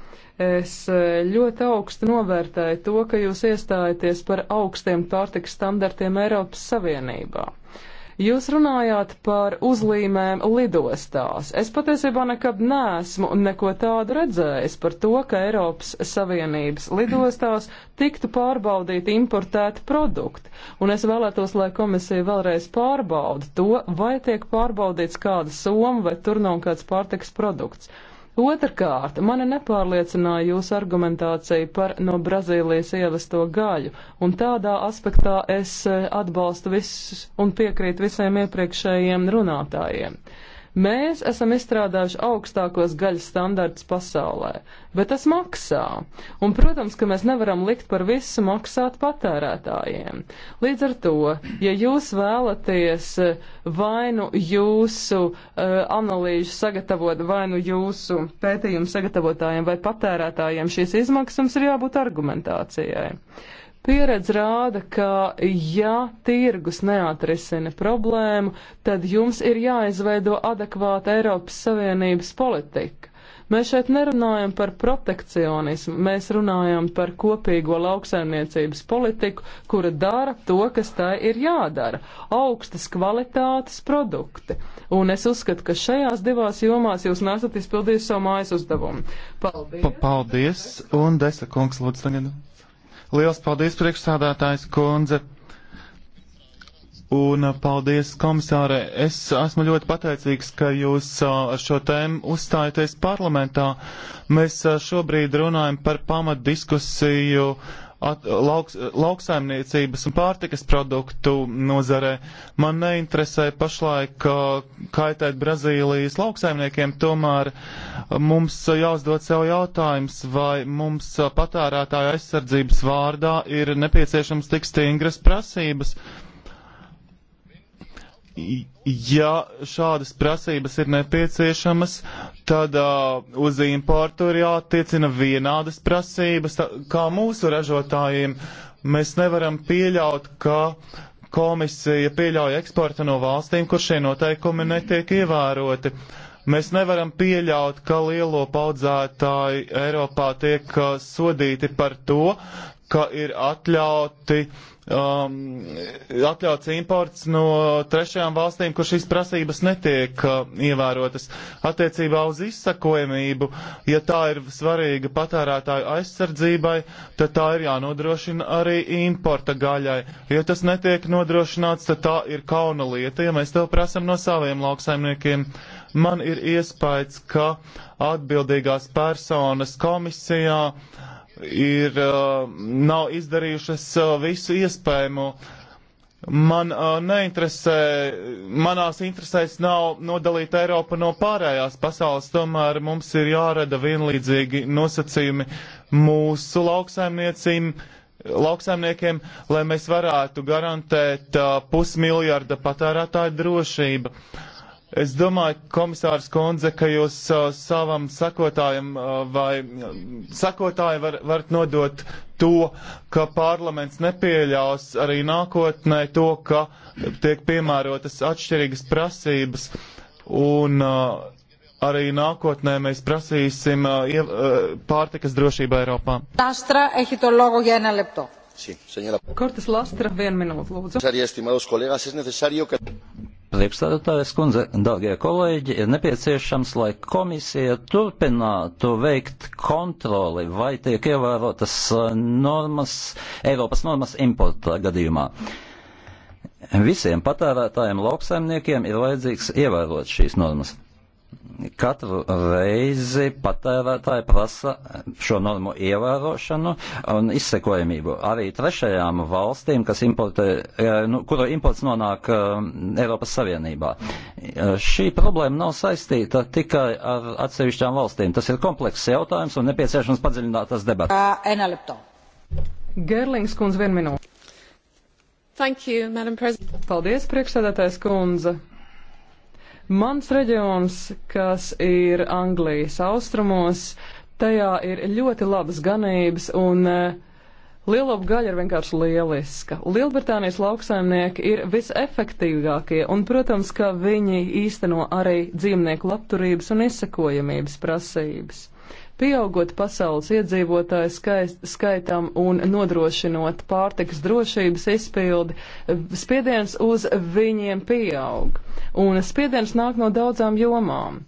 Es eh, ļoti augstu novērtēju to, ka jūs iestājaties par augstiem pārtiks standartiem Eiropas Savienībā. Jūs runājāt par uzlīmēm lidostās. Es patiesībā nekad neesmu neko tādu redzējis par to, ka Eiropas Savienības lidostās tiktu pārbaudīti importēti produkti. Un es vēlētos, lai komisija vēlreiz pārbauda to, vai tiek pārbaudīts kāda soma vai tur nav kāds pārtiks produkts. Otrakārt, mani nepārliecināja jūsu argumentācija par no Brazīlijas ievesto gaļu, un tādā aspektā es eh, atbalstu visus un piekrītu visiem iepriekšējiem runātājiem. Uh, Mēs esam izstrādājuši augstākos gaļas standartus pasaulē, bet tas maksā. Un, protams, ka mēs nevaram likt par visu maksāt patērētājiem. Līdz ar to, ja jūs vēlaties eh, vainu jūsu uh, analīžu sagatavot, vainu jūsu pētījumu sagatavotājiem vai patērētājiem, šīs izmaksas ir jābūt argumentācijai. Pieredze rāda, ka ja tirgus neatrisina problēmu, tad jums ir jāizveido adekvāta Eiropas Savienības politika. Mēs šeit nerunājam par protekcionismu, mēs runājam par kopīgo lauksaimniecības politiku, kura dara to, kas tai ir jādara - augstas kvalitātes produkti. Un es uzskatu, ka šajās divās jomās jūs nesat izpildījis savu mājas uzdevumu. Paldies! Paldies! Un Desa kungs, lūdzu, tagad Liels paldies, priekšsādātājs kundze! Un uh, paldies, komisāre. Es esmu ļoti pateicīgs, ka jūs uh, ar šo tēmu uzstājaties parlamentā. Mēs uh, šobrīd runājam par pamatdiskusiju at, lauks, lauksaimniecības un pārtikas produktu nozarē. Man neinteresē pašlaik uh, kaitēt Brazīlijas lauksaimniekiem, tomēr mums jāuzdod sev jautājums, vai mums patērētāja aizsardzības vārdā ir nepieciešams tik stingras prasības. Uh, ja šādas prasības ir nepieciešamas, tad uh, uz importu ir jātiecina vienādas prasības, tā, kā mūsu ražotājiem. Mēs nevaram pieļaut, ka komisija pieļauj eksportu no valstīm, kur šie noteikumi netiek ievēroti. Mēs nevaram pieļaut, ka lielo paudzētāji Eiropā tiek uh, sodīti par to, ka ir atļauti uh, um, atļauts imports no trešajām valstīm, kur šīs prasības netiek uh, ievērotas. Attiecībā uz izsakojamību, ja tā ir svarīga patērētāju aizsardzībai, tad tā ir jānodrošina arī importa gaļai. Ja tas netiek nodrošināts, tad tā ir kauna lieta, ja mēs to prasam no saviem lauksaimniekiem. Man ir iespējas, ka atbildīgās personas komisijā uh, ir, uh, nav izdarījušas uh, visu iespējamo. Man uh, neinteresē, manās interesēs nav nodalīt Eiropu no pārējās pasaules, tomēr mums ir jārada vienlīdzīgi nosacījumi mūsu lauksaimniecīm, lauksaimniekiem, lai mēs varētu garantēt uh, pusmiljarda patērētāju drošību. Uh, Es domāju, komisārs Kundze, ka jūs uh, savam sakotājam uh, vai mm, sakotāji var, varat nodot to, ka parlaments nepieļaus arī nākotnē to, ka tiek piemērotas atšķirīgas prasības un uh, arī nākotnē mēs prasīsim uh, iev, uh, pārtikas drošību Eiropā. Lastra, ehi to logo ja ena lepto. Sí, señora. Cortes Lastra, vienu minūtu, lūdzu. Estimados colegas, es necesario que... Priekšstādātājas kundze, dārgie kolēģi, ir nepieciešams, lai komisija turpinātu veikt kontroli, vai tiek ievērotas eh, normas, Eiropas normas importa gadījumā. Visiem patērētājiem, lauksaimniekiem ir vajadzīgs ievērot šīs normas katru reizi patērētāji prasa šo normu ievērošanu un izsekojamību. Arī trešajām valstīm, kas importē, eh, nu, kuru imports nonāk eh, Eiropas Savienībā. Eh, šī problēma nav saistīta tikai ar atsevišķām valstīm. Tas ir komplekss jautājums un nepieciešams padziļinātas debatas. Gerlings kundze, vienu minūti. Thank you, Madam President. Paldies, priekšsēdētājs kundze. Mans reģions, kas ir Anglijas austrumos, tajā ir ļoti labas ganības un eh, Lielopu gaļa ir vienkārši lieliska. Lielbritānijas lauksaimnieki ir visefektīvākie, un, protams, ka viņi īsteno arī dzīvnieku labturības un izsekojamības prasības pieaugot pasaules iedzīvotāju skaitam un nodrošinot pārtikas drošības izpildi, spiediens uz viņiem pieaug. Un spiediens nāk no daudzām jomām.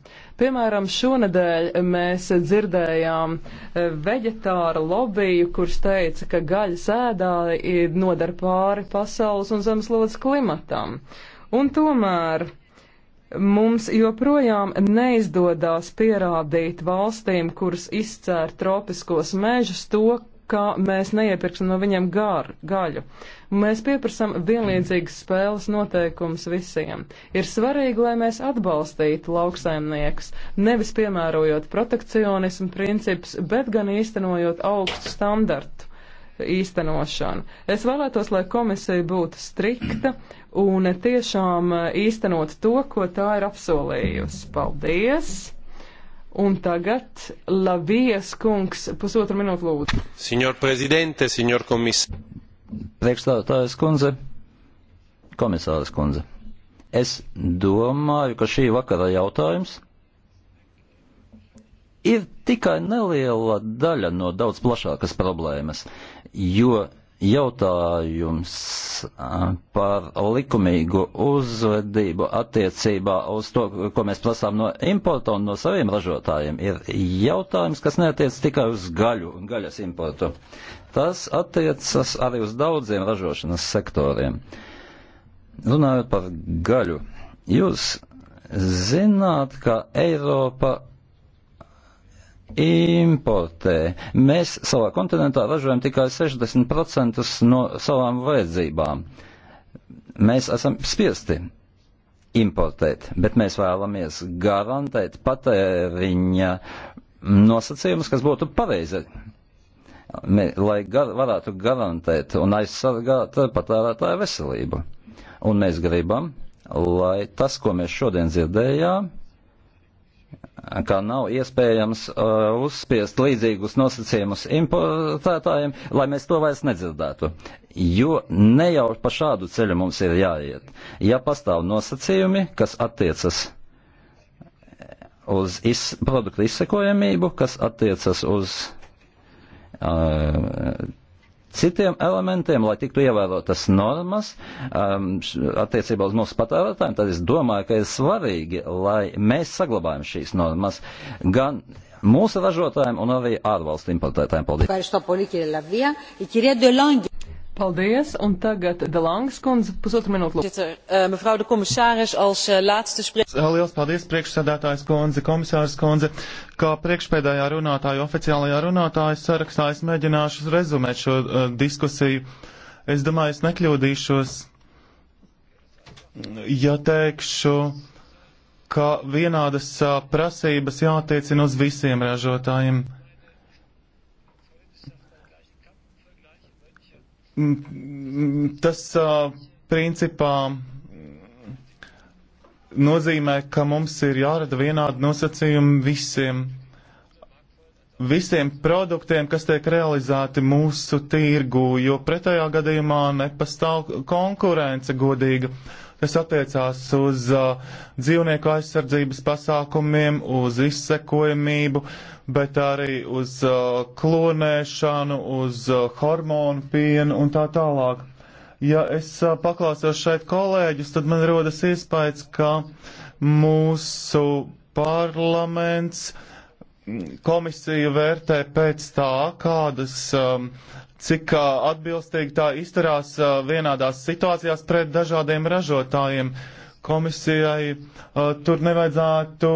Piemēram, šonadēļ mēs dzirdējām e, veģetāru lobiju, kurš teica, ka gaļas ēdāji nodara pāri pasaules un zemeslodes klimatam. Un tomēr Mums joprojām neizdodas pierādīt valstīm, kuras izcēr tropiskos mežus, to, ka mēs neiepirksim no viņiem gar, gaļu. Mēs pieprasam vienlīdzīgas spēles noteikumus visiem. Ir svarīgi, lai mēs atbalstītu lauksaimniekus, nevis piemērojot protekcionismu principus, bet gan īstenojot augstu standartu īstenošanu. Es vēlētos, lai komisija būtu strikta un tiešām īstenot to, ko tā ir apsolījusi. Paldies! Un tagad Lavijas kungs, pusotru minūtu lūdzu. Signor prezidente, signor komisār. Priekšstādātājas kundze, komisāras kundze. Es domāju, ka šī vakara jautājums ir tikai neliela daļa no daudz plašākas problēmas jo jautājums par likumīgu uzvedību attiecībā uz to, ko mēs prasām no importa un no saviem ražotājiem, ir jautājums, kas neatiec tikai uz gaļu un gaļas importu. Tas attiecas arī uz daudziem ražošanas sektoriem. Runājot par gaļu, jūs zināt, ka Eiropa importē. Mēs savā kontinentā ražojam tikai 60% no savām vajadzībām. Mēs esam spiesti importēt, bet mēs vēlamies garantēt patēriņa nosacījumus, kas būtu pareizi, lai gar, varētu garantēt un aizsargāt patērētāju veselību. Un mēs gribam, lai tas, ko mēs šodien dzirdējām, ka nav iespējams uh, uzspiest līdzīgus nosacījumus importētājiem, lai mēs to vairs nedzirdētu. Jo ne jau pa šādu ceļu mums ir jāiet. Ja pastāv nosacījumi, kas attiecas uz iz, produktu izsekojamību, kas attiecas uz uh, citiem elementiem, lai tiktu ievērotas normas um, attiecībā uz mūsu patērētājiem, tad es domāju, ka ir svarīgi, lai mēs saglabājam šīs normas gan mūsu ražotājiem un arī ārvalstu importētājiem. Paldies! Paldies, un tagad Delangas kundze, pusotru minūtu lūdzu. Uh, mevrouw de komisāris, als uh, laatste spriekšsēdētājs. Uh, Lielas paldies, priekšsēdētājs kundze, komisārs kundze. Kā priekšpēdējā runātāja, oficiālajā runātāja sarakstā es mēģināšu rezumēt šo uh, diskusiju. Es domāju, es nekļūdīšos, ja teikšu, ka vienādas uh, prasības jātiecina uz visiem ražotājiem Mm, mm, tas principā nozīmē, ka mums ir jārada vienādi nosacījumi visiem visiem produktiem, kas tiek realizēti mūsu tirgu, jo pretējā gadījumā nepastāv konkurence godīga, kas attiecās uz uh, dzīvnieku aizsardzības pasākumiem, uz izsekojamību, bet arī uz uh, klonēšanu, uz uh, hormonu pienu un tā tālāk. Ja es uh, paklausos šeit kolēģus, tad man rodas iespējas, ka mūsu parlaments uh, komisija vērtē pēc tā, kādas, um, cik uh, atbilstīgi tā izturās uh, vienādās situācijās pret dažādiem ražotājiem. Komisijai uh, tur nevajadzētu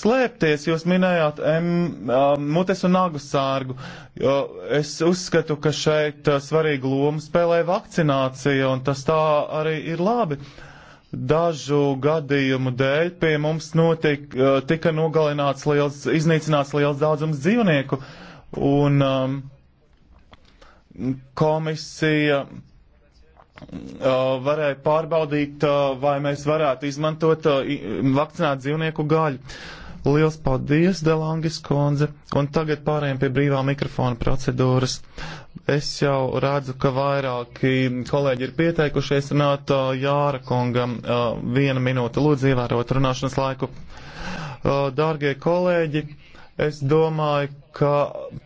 slēpties, jūs minējāt M, uh, mutes un nagu sārgu. Uh, es uzskatu, ka šeit uh, svarīgu lomu spēlē vakcinācija, un tas tā arī ir labi. Uh, Dažu gadījumu dēļ pie mums notik, tika nogalināts liels, iznīcināts liels daudzums dzīvnieku, un um, komisija varēja pārbaudīt, vai mēs varētu izmantot vakcinēt dzīvnieku gaļu. Liels paldies, Delangis Konze, un tagad pārējiem pie brīvā mikrofona procedūras. Es jau redzu, ka vairāki kolēģi ir pieteikušies runāt uh, Jāra kungam. Uh, viena minūte lūdzu ievērot runāšanas laiku. Uh, dārgie kolēģi, es domāju, ka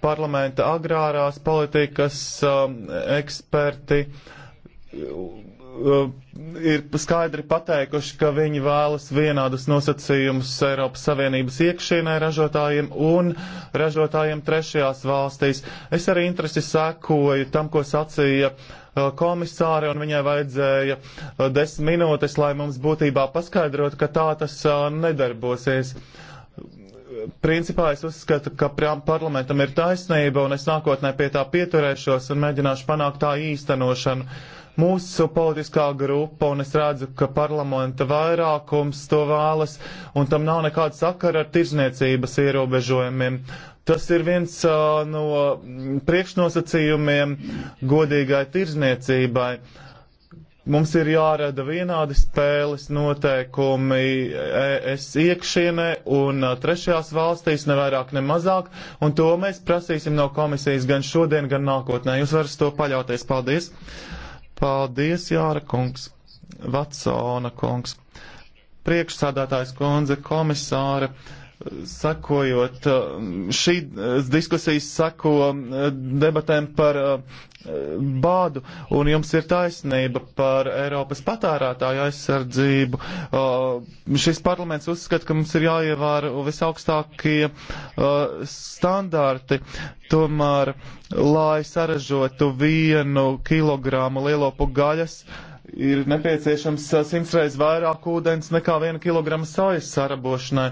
parlamenta agrārās politikas um, eksperti Uh, ir skaidri pateikuši, ka viņi vēlas vienādus nosacījumus Eiropas Savienības iekšienē ražotājiem un ražotājiem trešajās valstīs. Es arī interesi sekoju tam, ko sacīja uh, komisāri, un viņai vajadzēja uh, desmit minūtes, lai mums būtībā paskaidrotu, ka tā tas nedarbosies principā es uzskatu, ka parlamentam ir taisnība, un es nākotnē pie tā pieturēšos un mēģināšu panākt tā īstenošanu. Mūsu politiskā grupa, un es redzu, ka parlamenta vairākums to vēlas, un tam nav nekāda sakara ar tirzniecības ierobežojumiem. Tas ir viens uh, no priekšnosacījumiem godīgai tirzniecībai. Uh, mums ir jārada vienādi spēles noteikumi es iekšienē un trešajās valstīs, ne vairāk, ne mazāk, un to mēs prasīsim no komisijas gan šodien, gan nākotnē. Jūs varat to paļauties. Paldies! Paldies, Jāra kungs, Vatsona kungs, priekšsādātājs kundze, komisāra sakojot, eh, šīs eh, diskusijas sako eh, debatēm par bādu, un jums ir taisnība par Eiropas patērētāju aizsardzību. Šis parlaments uzskata, ka mums ir jāievēro visaugstākie standarti, tomēr, lai saražotu vienu kilogramu lielopu gaļas, ir nepieciešams simtreiz vairāk ūdens nekā viena kilograma sojas sarabošanai.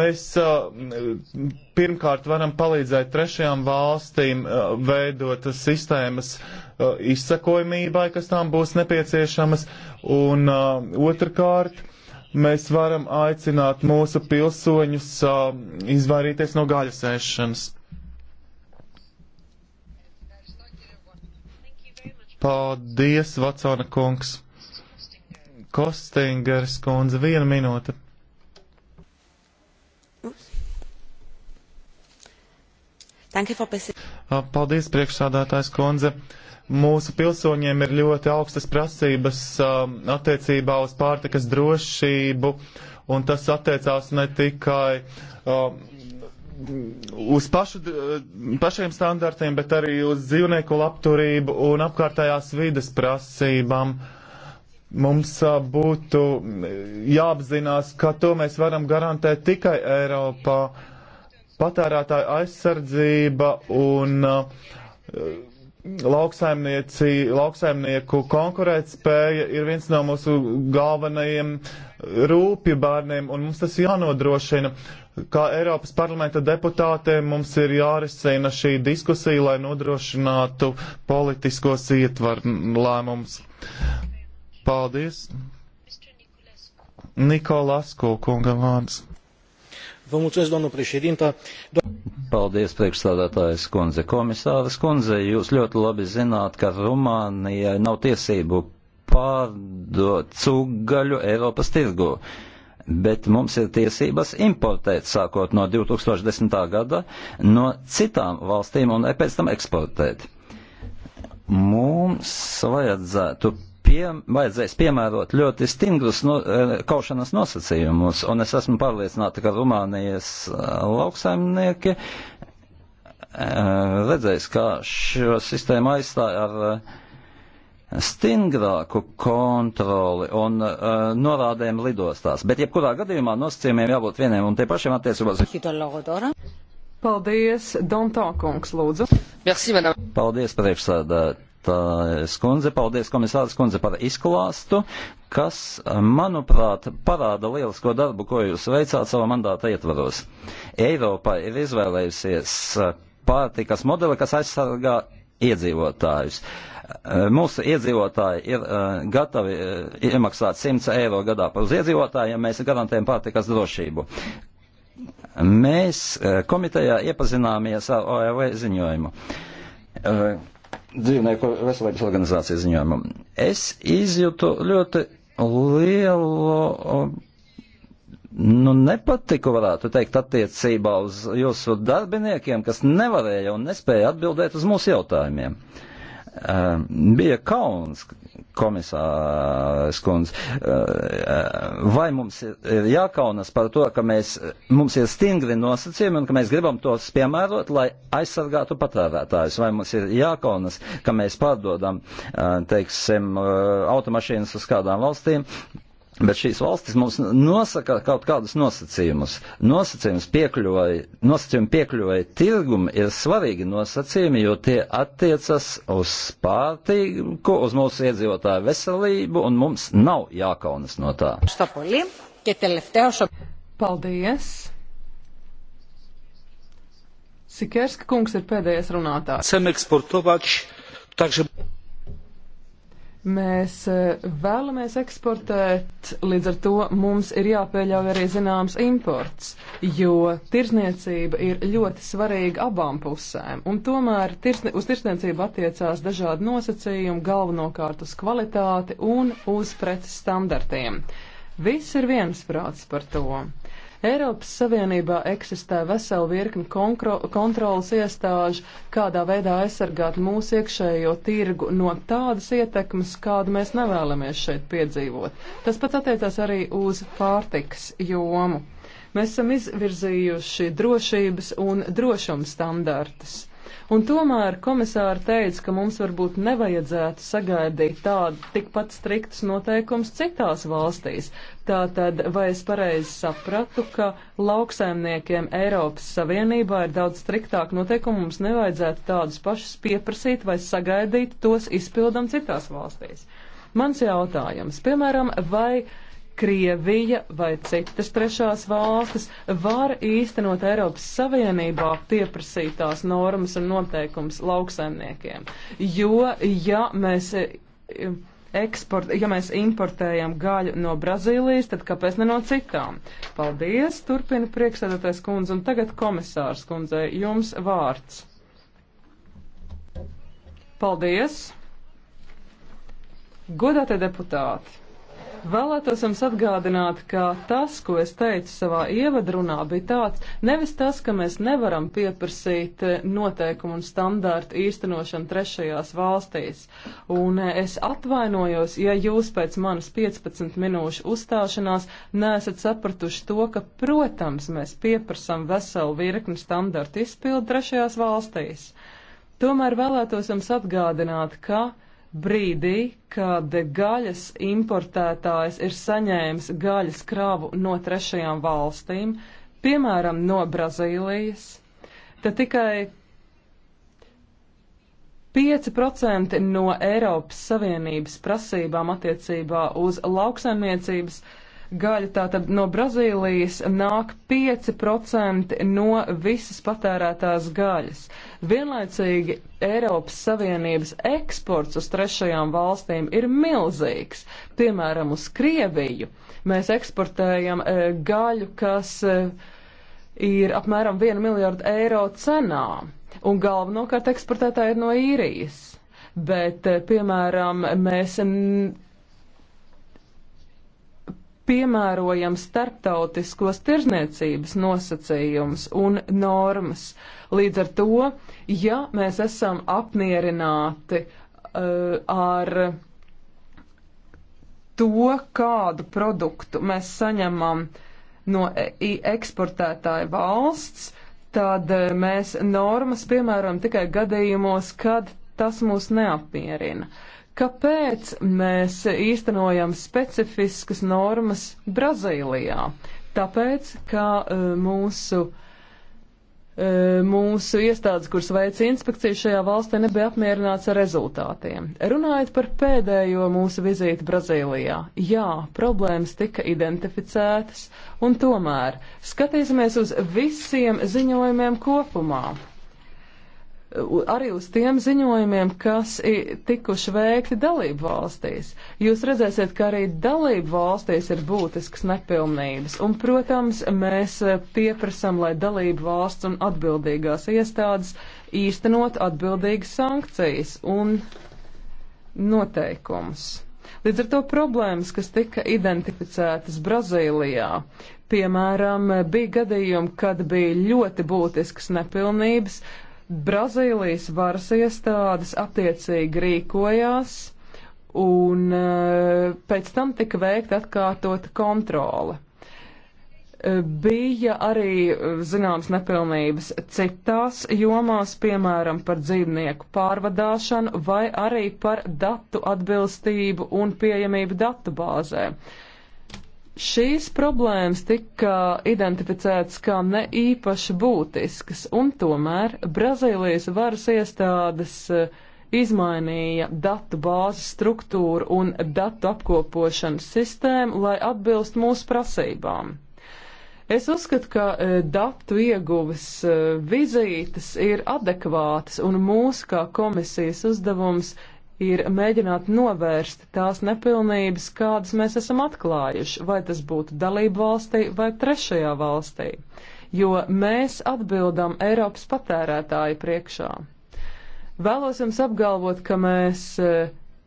Mēs pirmkārt varam palīdzēt trešajām valstīm veidot sistēmas izsakojumībai, kas tām būs nepieciešamas, un otrkārt mēs varam aicināt mūsu pilsoņus izvairīties no gaļas ēšanas. Paldies, Vacona kungs. Kostingers kundze, viena minūte. Paldies, priekšsādātājs kundze. Mūsu pilsoņiem ir ļoti augstas prasības attiecībā uz pārtikas drošību, un tas attiecās ne tikai uz pašu, pašiem standartiem, bet arī uz dzīvnieku labturību un apkārtējās vides prasībām. Mums būtu jāapzinās, ka to mēs varam garantēt tikai Eiropā patērētāja aizsardzība un uh, lauksaimnieku konkurētspēja ir viens no mūsu galvenajiem rūpju bērniem, un mums tas jānodrošina. Kā Eiropas parlamenta deputātiem mums ir jārisina šī diskusija, lai nodrošinātu politiskos ietvaru lēmumus. Paldies! Nikolasku kungam vārds. Vă mulțumesc, doamnă președintă. Paldies, priekšstādātājs kundze. Komisāras kundze, jūs ļoti labi zināt, ka Rumānijai nav tiesību pārdot cūgaļu Eiropas tirgu bet mums ir tiesības importēt sākot no 2010. gada no citām valstīm un pēc tam eksportēt. Mums vajadzētu piem, vajadzēs piemērot ļoti stingrus no, eh, kaušanas nosacījumus, un es esmu pārliecināta, ka Rumānijas eh, lauksaimnieki eh, redzēs, kā šo sistēmu aizstāja ar stingrāku kontroli un uh, norādēm lidostās. Bet jebkurā gadījumā nosacījumiem jābūt vieniem un tie pašiem attiecībās. Paldies, Dontā kungs, lūdzu. Merci, Paldies, priekšsēdētāji skundze, paldies komisārs skundze par izklāstu, kas, manuprāt, parāda lielisko darbu, ko jūs veicāt savā mandāta ietvaros. Eiropa ir izvēlējusies pārtikas modeli, kas aizsargā iedzīvotājus. Mūsu iedzīvotāji ir uh, gatavi uh, iemaksāt 100 eiro gadā par uz iedzīvotājiem, ja mēs garantējam pārtikas drošību. Mēs uh, komitejā iepazināmies ar OEV ziņojumu. Uh, dzīvnieku veselības organizācijas ziņojumu. Es izjūtu ļoti lielu nu, nepatiku, varētu teikt, attiecībā uz jūsu darbiniekiem, kas nevarēja un nespēja atbildēt uz mūsu jautājumiem. Bija kauns, komisārs kundz, eh, vai mums ir jākaunas par to, ka mēs, mums ir stingri nosacījumi un ka mēs gribam tos piemērot, lai aizsargātu patērētājus, vai mums ir jākaunas, ka mēs pārdodam, eh, teiksim, eh, automašīnas uz kādām valstīm, Bet šīs valstis mums nosaka kaut kādus nosacījumus. Nosacījums piekļuvai, nosacījumi piekļuvai tirgum ir svarīgi nosacījumi, jo tie attiecas uz pārtīku, uz mūsu iedzīvotāju veselību, un mums nav jākaunas no tā. Paldies! Sikerska kungs ir pēdējais runātājs. Mēs e, vēlamies eksportēt, līdz ar to mums ir jāpieļauj arī zināms imports, jo tirsniecība ir ļoti svarīga abām pusēm, un tomēr tirsni, uz tirsniecību attiecās dažādi nosacījumi, galvenokārt uz kvalitāti un uz preces standartiem. Viss ir viensprāts par to. Eiropas Savienībā eksistē vesela virkni kontrolas iestāžu, kādā veidā aizsargāt mūsu iekšējo tirgu no tādas ietekmes, kādu mēs nevēlamies šeit piedzīvot. Tas pats attiecās arī uz pārtiks jomu. Mēs esam izvirzījuši drošības un drošums standartus. Un tomēr komisāra teica, ka mums varbūt nevajadzētu sagaidīt tādu tikpat striktus noteikumus citās valstīs. Tātad, vai es pareizi sapratu, ka lauksaimniekiem Eiropas Savienībā ir daudz striktāk noteikumi, mums nevajadzētu tādus pašus pieprasīt vai sagaidīt tos izpildam citās valstīs? Mans jautājums, piemēram, vai Krievija vai citas trešās valstis var īstenot Eiropas Savienībā pieprasītās normas un noteikums lauksaimniekiem. Jo, ja mēs e, eksport, ja mēs importējam gaļu no Brazīlijas, tad kāpēc ne no citām? Paldies, turpina priekšsēdētais kundze, un tagad komisārs kundzei, jums vārds. Paldies! Godātie deputāti! Vēlētos jums atgādināt, ka tas, ko es teicu savā ievadrunā, bija tāds, nevis tas, ka mēs nevaram pieprasīt eh, noteikumu un standārtu īstenošanu trešajās valstīs. Un eh, es atvainojos, ja jūs pēc manas 15 minūšu uzstāšanās nesat sapratuši to, ka, protams, mēs pieprasam veselu virkni standārtu izpildu trešajās valstīs. Tomēr vēlētos jums atgādināt, ka brīdī, kad gaļas importētājs ir saņēmis gaļas kravu no trešajām valstīm, piemēram, no Brazīlijas, tad tikai 5% no Eiropas Savienības prasībām attiecībā uz lauksaimniecības gaļa tātad no Brazīlijas nāk 5% no visas patērētās gaļas. Vienlaicīgi Eiropas Savienības eksports uz trešajām valstīm ir milzīgs. Piemēram, uz Krieviju mēs eksportējam e, gaļu, kas e, ir apmēram 1 miljārdu eiro cenā, un galvenokārt eksportētāji ir no īrijas. Bet, e, piemēram, mēs. N, piemērojam starptautiskos tirzniecības nosacījumus un normas. Līdz ar to, ja mēs esam apmierināti uh, ar to, kādu produktu mēs saņemam no e, eksportētāja valsts, tad eh, mēs normas piemērojam tikai gadījumos, kad tas mūs neapmierina. Uh, Kāpēc mēs īstenojam specifiskas normas Brazīlijā? Tāpēc, ka e, mūsu, e, mūsu iestādes, kuras veica inspekciju šajā valstī, nebija apmierināts ar rezultātiem. Runājot par pēdējo mūsu vizīti Brazīlijā, jā, problēmas tika identificētas, un tomēr skatīsimies uz visiem ziņojumiem kopumā arī uz tiem ziņojumiem, kas ir tikuši veikti dalību valstīs. Jūs redzēsiet, ka arī dalību valstīs ir būtisks nepilnības, un, protams, mēs e, pieprasam, lai dalību valsts un atbildīgās iestādes īstenot atbildīgas sankcijas un noteikumus. Līdz ar to problēmas, kas tika identificētas Brazīlijā, piemēram, bija gadījumi, kad bija ļoti būtiskas nepilnības, uh, Brazīlijas varas iestādes attiecīgi rīkojās, un eh, pēc tam tika veikta atkārtota kontrole. Eh, bija arī eh, zināmas nepilnības citās jomās, piemēram, par dzīvnieku pārvadāšanu vai arī par datu atbilstību un pieejamību datu bāzēm. Uh, Šīs problēmas tika identificētas kā ne īpaši būtiskas, un tomēr Brazīlijas varas iestādes eh, izmainīja datu bāzes struktūru un datu apkopošanas sistēmu, lai atbilst mūsu prasībām. Es uzskatu, ka eh, datu ieguves eh, vizītes ir adekvātas, un mūsu kā komisijas uzdevums ir ir mēģināt novērst tās nepilnības, kādas mēs esam atklājuši, vai tas būtu dalību valstī vai trešajā valstī, jo mēs atbildam Eiropas patērētāju priekšā. Vēlos jums apgalvot, ka mēs e,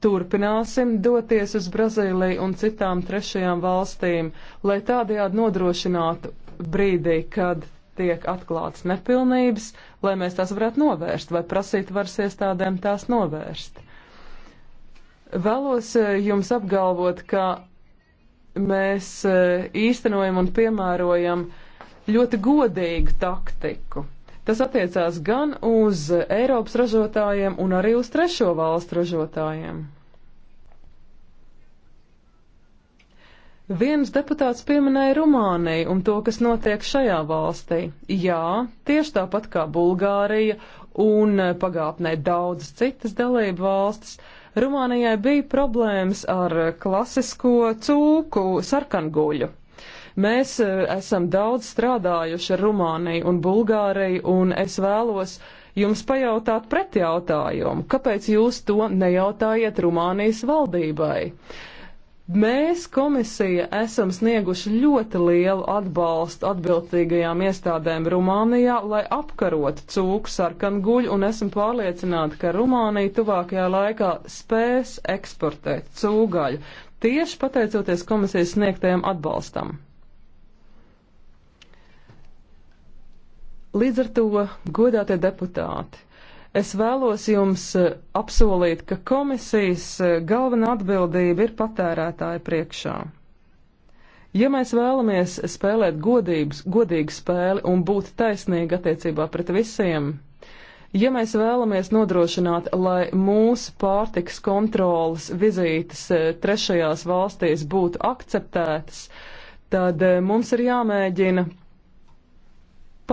turpināsim doties uz Brazīliju un citām trešajām valstīm, lai tādējādi nodrošinātu brīdī, kad tiek atklātas nepilnības, lai mēs tās varētu novērst vai prasīt varas iestādēm tās novērst. Vēlos eh, jums apgalvot, ka mēs eh, īstenojam un piemērojam ļoti godīgu taktiku. Tas attiecās gan uz Eiropas ražotājiem, gan arī uz trešo valstu ražotājiem. Viens deputāts pieminēja Rumāniju un to, kas notiek šajā valstī. Jā, tieši tāpat kā Bulgārija un eh, pagātnē daudzas citas dalību valstis, uh, Rumānijai bija problēmas ar klasisko cūku sarkanguļu. Mēs e, esam daudz strādājuši ar Rumāniju un Bulgāriju, un es vēlos jums pajautāt pretjautājumu, kāpēc jūs to nejautājiet Rumānijas valdībai? Mēs komisija esam snieguši ļoti lielu atbalstu atbildīgajām iestādēm Rumānijā, lai apkarotu cūku sarkanguļu, un esam pārliecināti, ka Rumānija tuvākajā laikā spēs eksportēt cūgaļu, tieši pateicoties komisijas sniegtajam atbalstam. Līdz ar to, godātie deputāti, Es vēlos jums eh, apsolīt, ka komisijas eh, galvenā atbildība ir patērētāja priekšā. Ja mēs vēlamies spēlēt godības, godīgu spēli un būt taisnīgi attiecībā pret visiem, ja mēs vēlamies nodrošināt, lai mūsu pārtiks kontrolas vizītes eh, trešajās valstīs būtu akceptētas, tad mums ir jāmēģina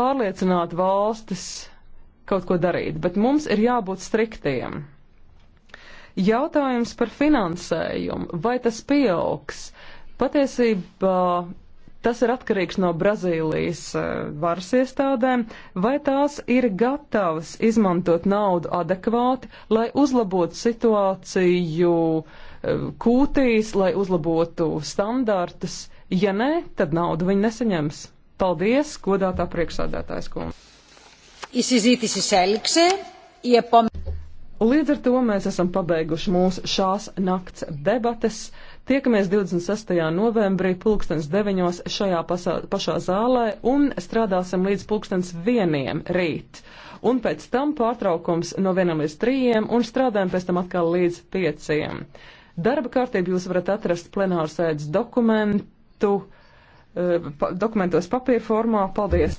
pārliecināt valstis kaut ko darīt, bet mums ir jābūt striktiem. Jautājums par finansējumu, vai tas pieaugs? Patiesībā tas ir atkarīgs no Brazīlijas eh, varas iestādēm, vai tās ir gatavas izmantot naudu adekvāti, lai uzlabotu situāciju eh, kūtīs, lai uzlabotu standartus. Ja nē, tad naudu viņi nesaņems. Paldies, godātā priekšsādātājs kundze. Η συζήτηση έληξε. Η επόμενη... Līdz ar to mēs esam pabeiguši mūsu šās nakts debates. Tiekamies 26. novembrī pulkstens 9. šajā pasā, pašā zālē un strādāsim līdz pulkstens 1. rīt. Un pēc tam pārtraukums no 1 līdz 3 un strādājam pēc tam atkal līdz 5. Darba kārtību jūs varat atrast plenārsēdes dokumentu, eh, dokumentos papīra formā. Paldies!